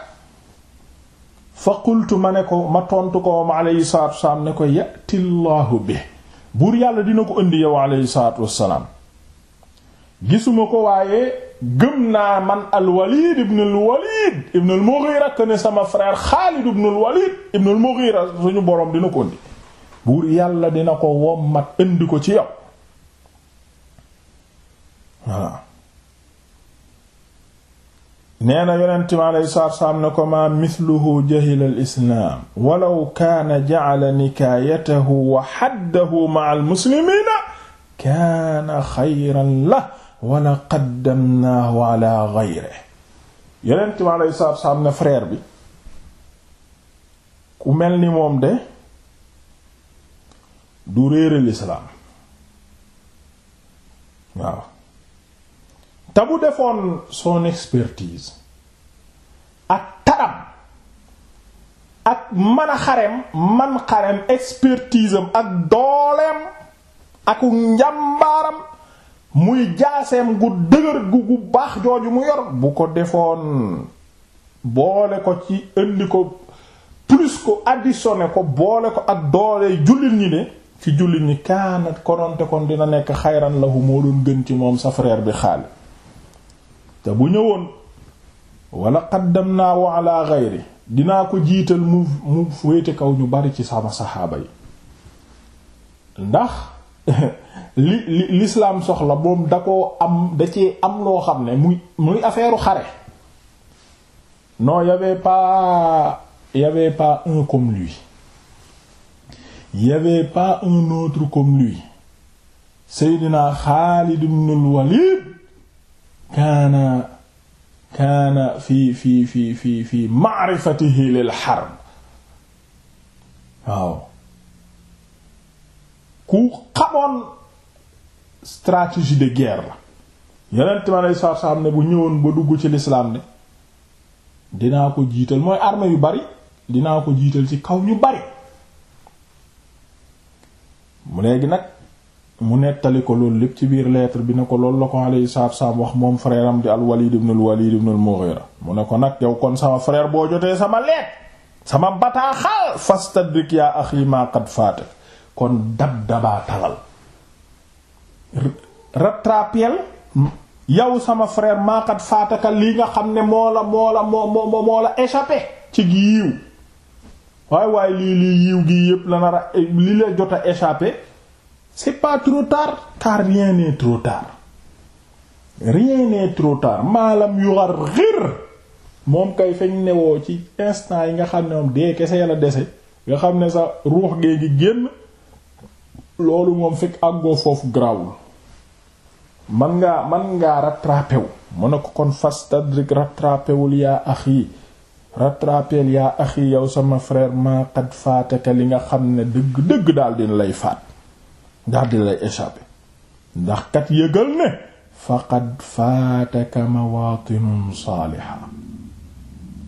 fa qultu ma ne ko ma tontu ko moom aleyhi salatu wasalaam ne ko yati llahu bi buur yàlla dina ko indi yow aleyhi salatu wasalaam gisuma ko waaye gëm naa man alwalid ibn alwalid ibn almughira ne sama frère xaalid ibn alwalid ibn almughira suñu boroom dina ko indi buur yàlla dina ko wommat indi ko ci yow nee na yonent mi alayhi salaatu salaam ne ko maa mithluhu jahila al islaam walaw kaana ja'ala nikaayatahu wa xaddahu ma'a al muslimiina kaana xayran lahu wa la qaddamnaahu ala ghayrihi yonent mi alayhi salaatu salaam ne frère bi ku mel ni moom de du réere lislaam waaw te bu defoon son expertise ak taram ak man a xarem man xarem expertise ak dooleem aku njàmbaaram muy jaaseem gu dëgër gu gu baax jooju mu yor bu ko defoon boole ko ci indi ko plus ko additionné ko boole ko ak doole jullit ñi de ci jullit ñi kaanat kononte kon dina nekk xayran lahu moo doon gën ci moom sa frère bi Xaalid te bu ñëwoon wala qaddamnaahu ala ghayri dinaa ko jiital mu mu féete kaw ñu bari ci sama saxaaba yi ndax li li lislaam soxla moom da koo am da cee am loo xam ne muy muy affaire xare non y avait pas y avait pas un comme lui y pas un autre comme lui Seydina Xaalid ibn al-Walid kaana kaana fi fi fi fi fi ma'rifatihi lil harb waaw ku xamoon stratégie de guerre yeneen time a saar saam ne bu ñëwoon ba dugg ci lislaam ne dinaa ko jiital mooy armée yu bari dinaa ko jiital ci kaw ñu bari mu léegi nag mu nettali ko loolu lépp ci biir lettre bi ne ko loolu la ko alayhi salaatu salaam wax moom frère am di al-Walid ibn al-Walid ibn al-Mughira mu ne ko nag yow kon sama frère boo jotee sama lettre sama bataaxal fastadrik yaa axi maa sama frère maa qad faataka li nga xam ne moo la moo la moo moo moo la échappé ci yiiw waaye waaye lii lii yiiw gi yépp la nar li la jot a échappé c'est pas trop tard car rien n'est trop tard rien n'est trop tard moom kay feñ newoo ci instant yi nga xam ne moom dee kese la dese nga xam ne sa ruux gee génn loolu moom fekk àggoo foofu grawul man ngaa man ngaa rattrapé wu mu ne ko kon fastadrik rattrapé wul yaa axi rattrapeel yaa axi yow sama frère ma qad faataka li nga xam ne dëgg dëgg daal dina lay faat ndax di lay échapper ndax kat yëgal ne faqad faataka mawaatinun saaliha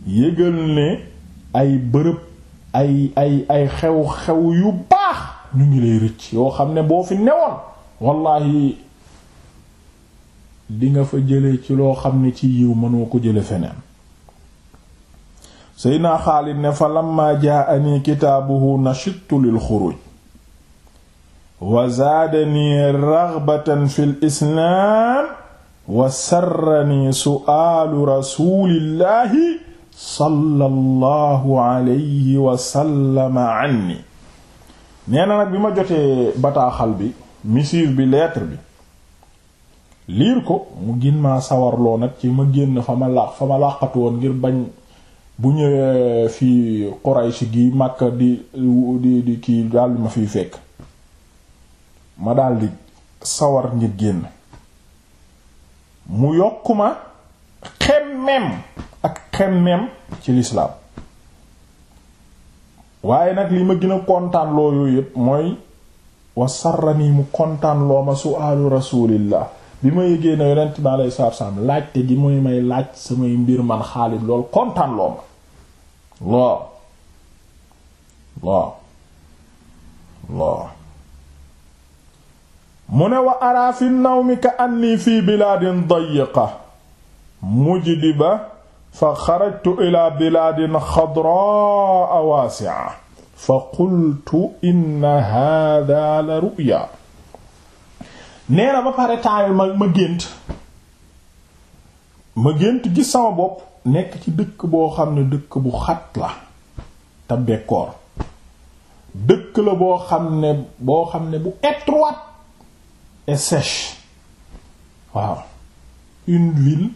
yëgal ne ay bërëb ay ay xew-xew yu baax ñu ngi lay rëcc yoo xam ne boo fi newoon wallahi di fa jële ci loo xam ne ci yiw mënoo ko jële feneen Seydina Xaalid ne fa lamma jaa'ani kitaabuhu nashittu lil xuruj wa zaadanii ragbatan fil islaam wa sarranii su'aalu rasuulillaahi sallallahu alayhi wa sallam anni. nee nag bi ma jotee bataaxal bi missive bi lettre bi liir ko mu gin maa sawarloo nag ci ma génn fa ma laq fa ma laqatu woon ngir bañ. bu ñëwee fii Quraysh gi Makka di di di kii daal ma fiy fekk. ma daldi sawar ngir génn mu yokk ma xemmem ak xemmem ci lislaam waaye nag li ma gën a kontaan loo yooyu yépp mooy wasarrani mu kontaan loo ma su'aalu rasulillah bi ma yégée na yonent bi alayhi salaatu salaam laajte gi muy may laaj samay mbir man Xaalid lool kontaan loo ma loo loo loo mu ne wa araa fi nawmi ka anni fi bilaadin dayiqa mujdiba fa xarajtu ila bilaadin xadraa waasi'a fa qultu inna haadaa la ru'ya nee na ba pare temps ma gént ma gént gis sama bopp nekk ci dëkk boo xam ne dëkk bu xat la te bekkoor dëkk la boo xam ne boo xam ne bu étroit est sèche waaw une ville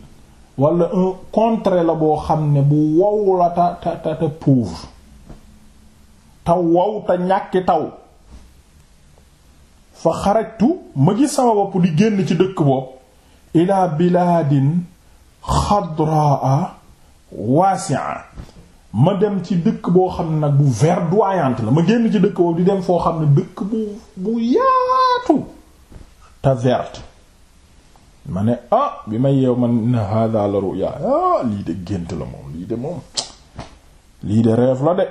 wala un contrée la boo xam ne bu wow la ta ta ta ta pauvre te wow te ñàkki taw fa xarajtu ma gis sama bopp di génn ci dëkk bopp ila bilaadin xadraa waasi'a ma dem ci dëkk boo xam ne nag bu verdoyante la ma génn ci dëkk boobu di dem foo xam ne dëkk bu bu yaatu te ma ne ah bi ma yeew man na hada la ruya ah lii de gént la moom lii de moom lii de rêve la de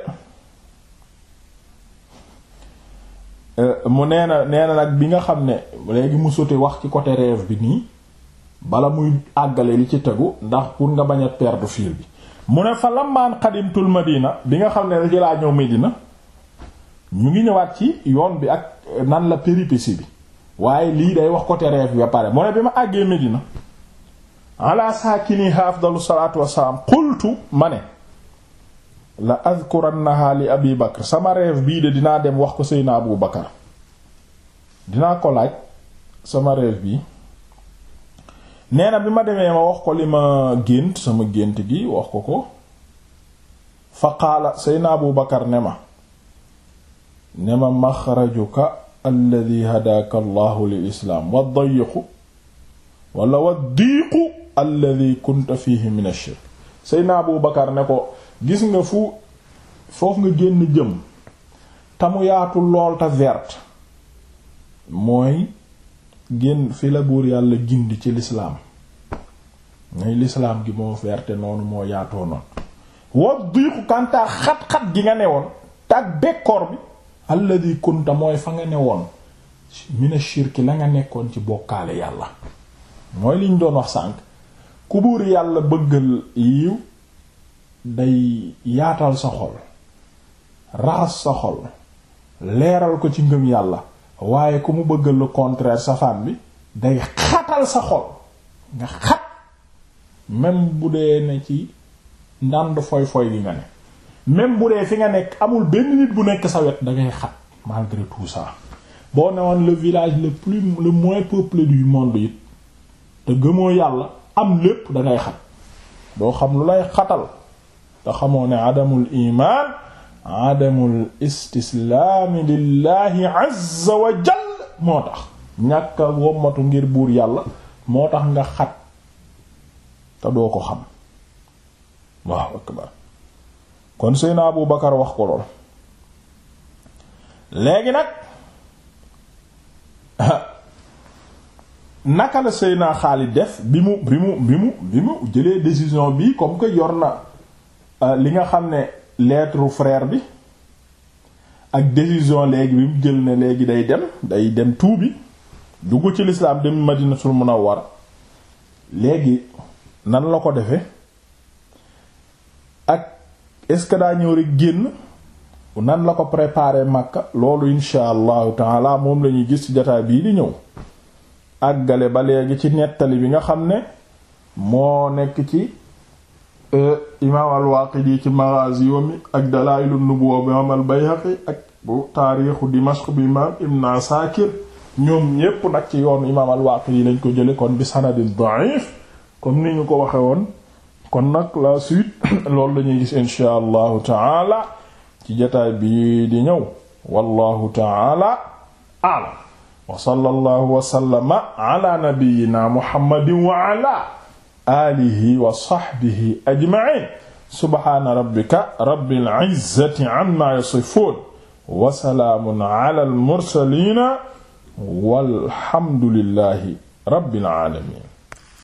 euh, mu nee na nag bi nga xam ne léegi mu sotti wax ci côté rêve bi nii bala muy àggale li ci tegu ndax pour nga bañ a perdre fil bi mu ne fa lamaan xadimtul madina bi nga xam ne la ci laa ñëw Medina ñu ngi ñëwaat ci yoon bi ak euh, nan la péripétie bi waaye lii day wax côté rêve bi ba pare mu ne bi ma àggee Medina ala saakini afdalu salaatu wassalaam qultu ma ne la azkurannaha li abi bakr sama rêve bii de dinaa dem wax ko seyna abu bakar dinaa ko laaj sama rêve bi nee na bi ma demee ma wax ko li ma gént sama gént gi wax ko ko fa qaala seyna abu ne ma ne ma maxrajuka alladi hadaaka allahu lil islaam wa dayiqu wala wa diiqu alladi kunta fihi min shirk Seydina Abu Bakar ne ko gis nga fu foofu nga génn jëm te mu yaatu lool te verte mooy génn fi la buur yàlla gindi ci lislaam ngay lislaam gi moo verte noonu moo yaatoo noonu wa diiqu kantaa xat-xat gi nga newoon te ak bekkoor bi alladi kunta mooy fa nga ne woon mina shirki la nga nekkoon ci bokkaale yàlla mooy liñ doon wax sànq ku buur yàlla bëggal yiw day yaatal sa xol raxas sa xol leeral ko ci ngëm yàlla waaye ku mu bëggal le contraire safaan bi day xatal sa xol nga xat même bu dee ne ci ndànd foy foy li nga ne même bu dee fi nga nekk amul benn nit bu nekk sa wet da ngay xat malgré tout ça boo newoon le village le plus le moins peuplé du monde it te gëmoo yàlla am lépp dangay ngay xat doo xam lu lay xatal te xamoo ne adamul iman adamul istislaami lillahi azza wa moo tax ñàkk wommatu ngir buur yàlla moo tax nga xat te doo ko xam waaw akbar kon Seydina Abu Bakar wax ko lool léegi nag naka la naa Xaalid def bi mu bi mu bi mu jëlee décision bi comme que yor na euh, li nga xam ne lettre frère bi ak décision léegi bi mu jël ne léegi day dem day dem tuubi dugg ci lislaam dem a war léegi nan la ko defee est-ce que daa ñëw rek génn nan la ko préparer Makka loolu insha allahu taala moom lañuy gis ci jotaay bii di ñëw àggale ba léegi ci nettali bi nga xam ne moo nekk ci e, imaam al-Waaqidi ci Maghaazi mi ak Dalaa'ilun Nubuwwa bi imaam al-Bayhaqi ak bu taarixu Dimashq bi imaam Ibn Asaakir ñoom ñépp nag ci yoon imaam al-Waaqidi lañ ko jële kon bi sanadin da'if comme ni ñu ko waxe woon kon nag la suite lañuy gis inshaa allahu taala ci jataay bii di ñëw wallahu taala a'lam wa sallallahu wa sallama ala nabiyyina muhammadin wa ala alihi wa sahbihi ajma'in subhana rabbika rabbil izzati amma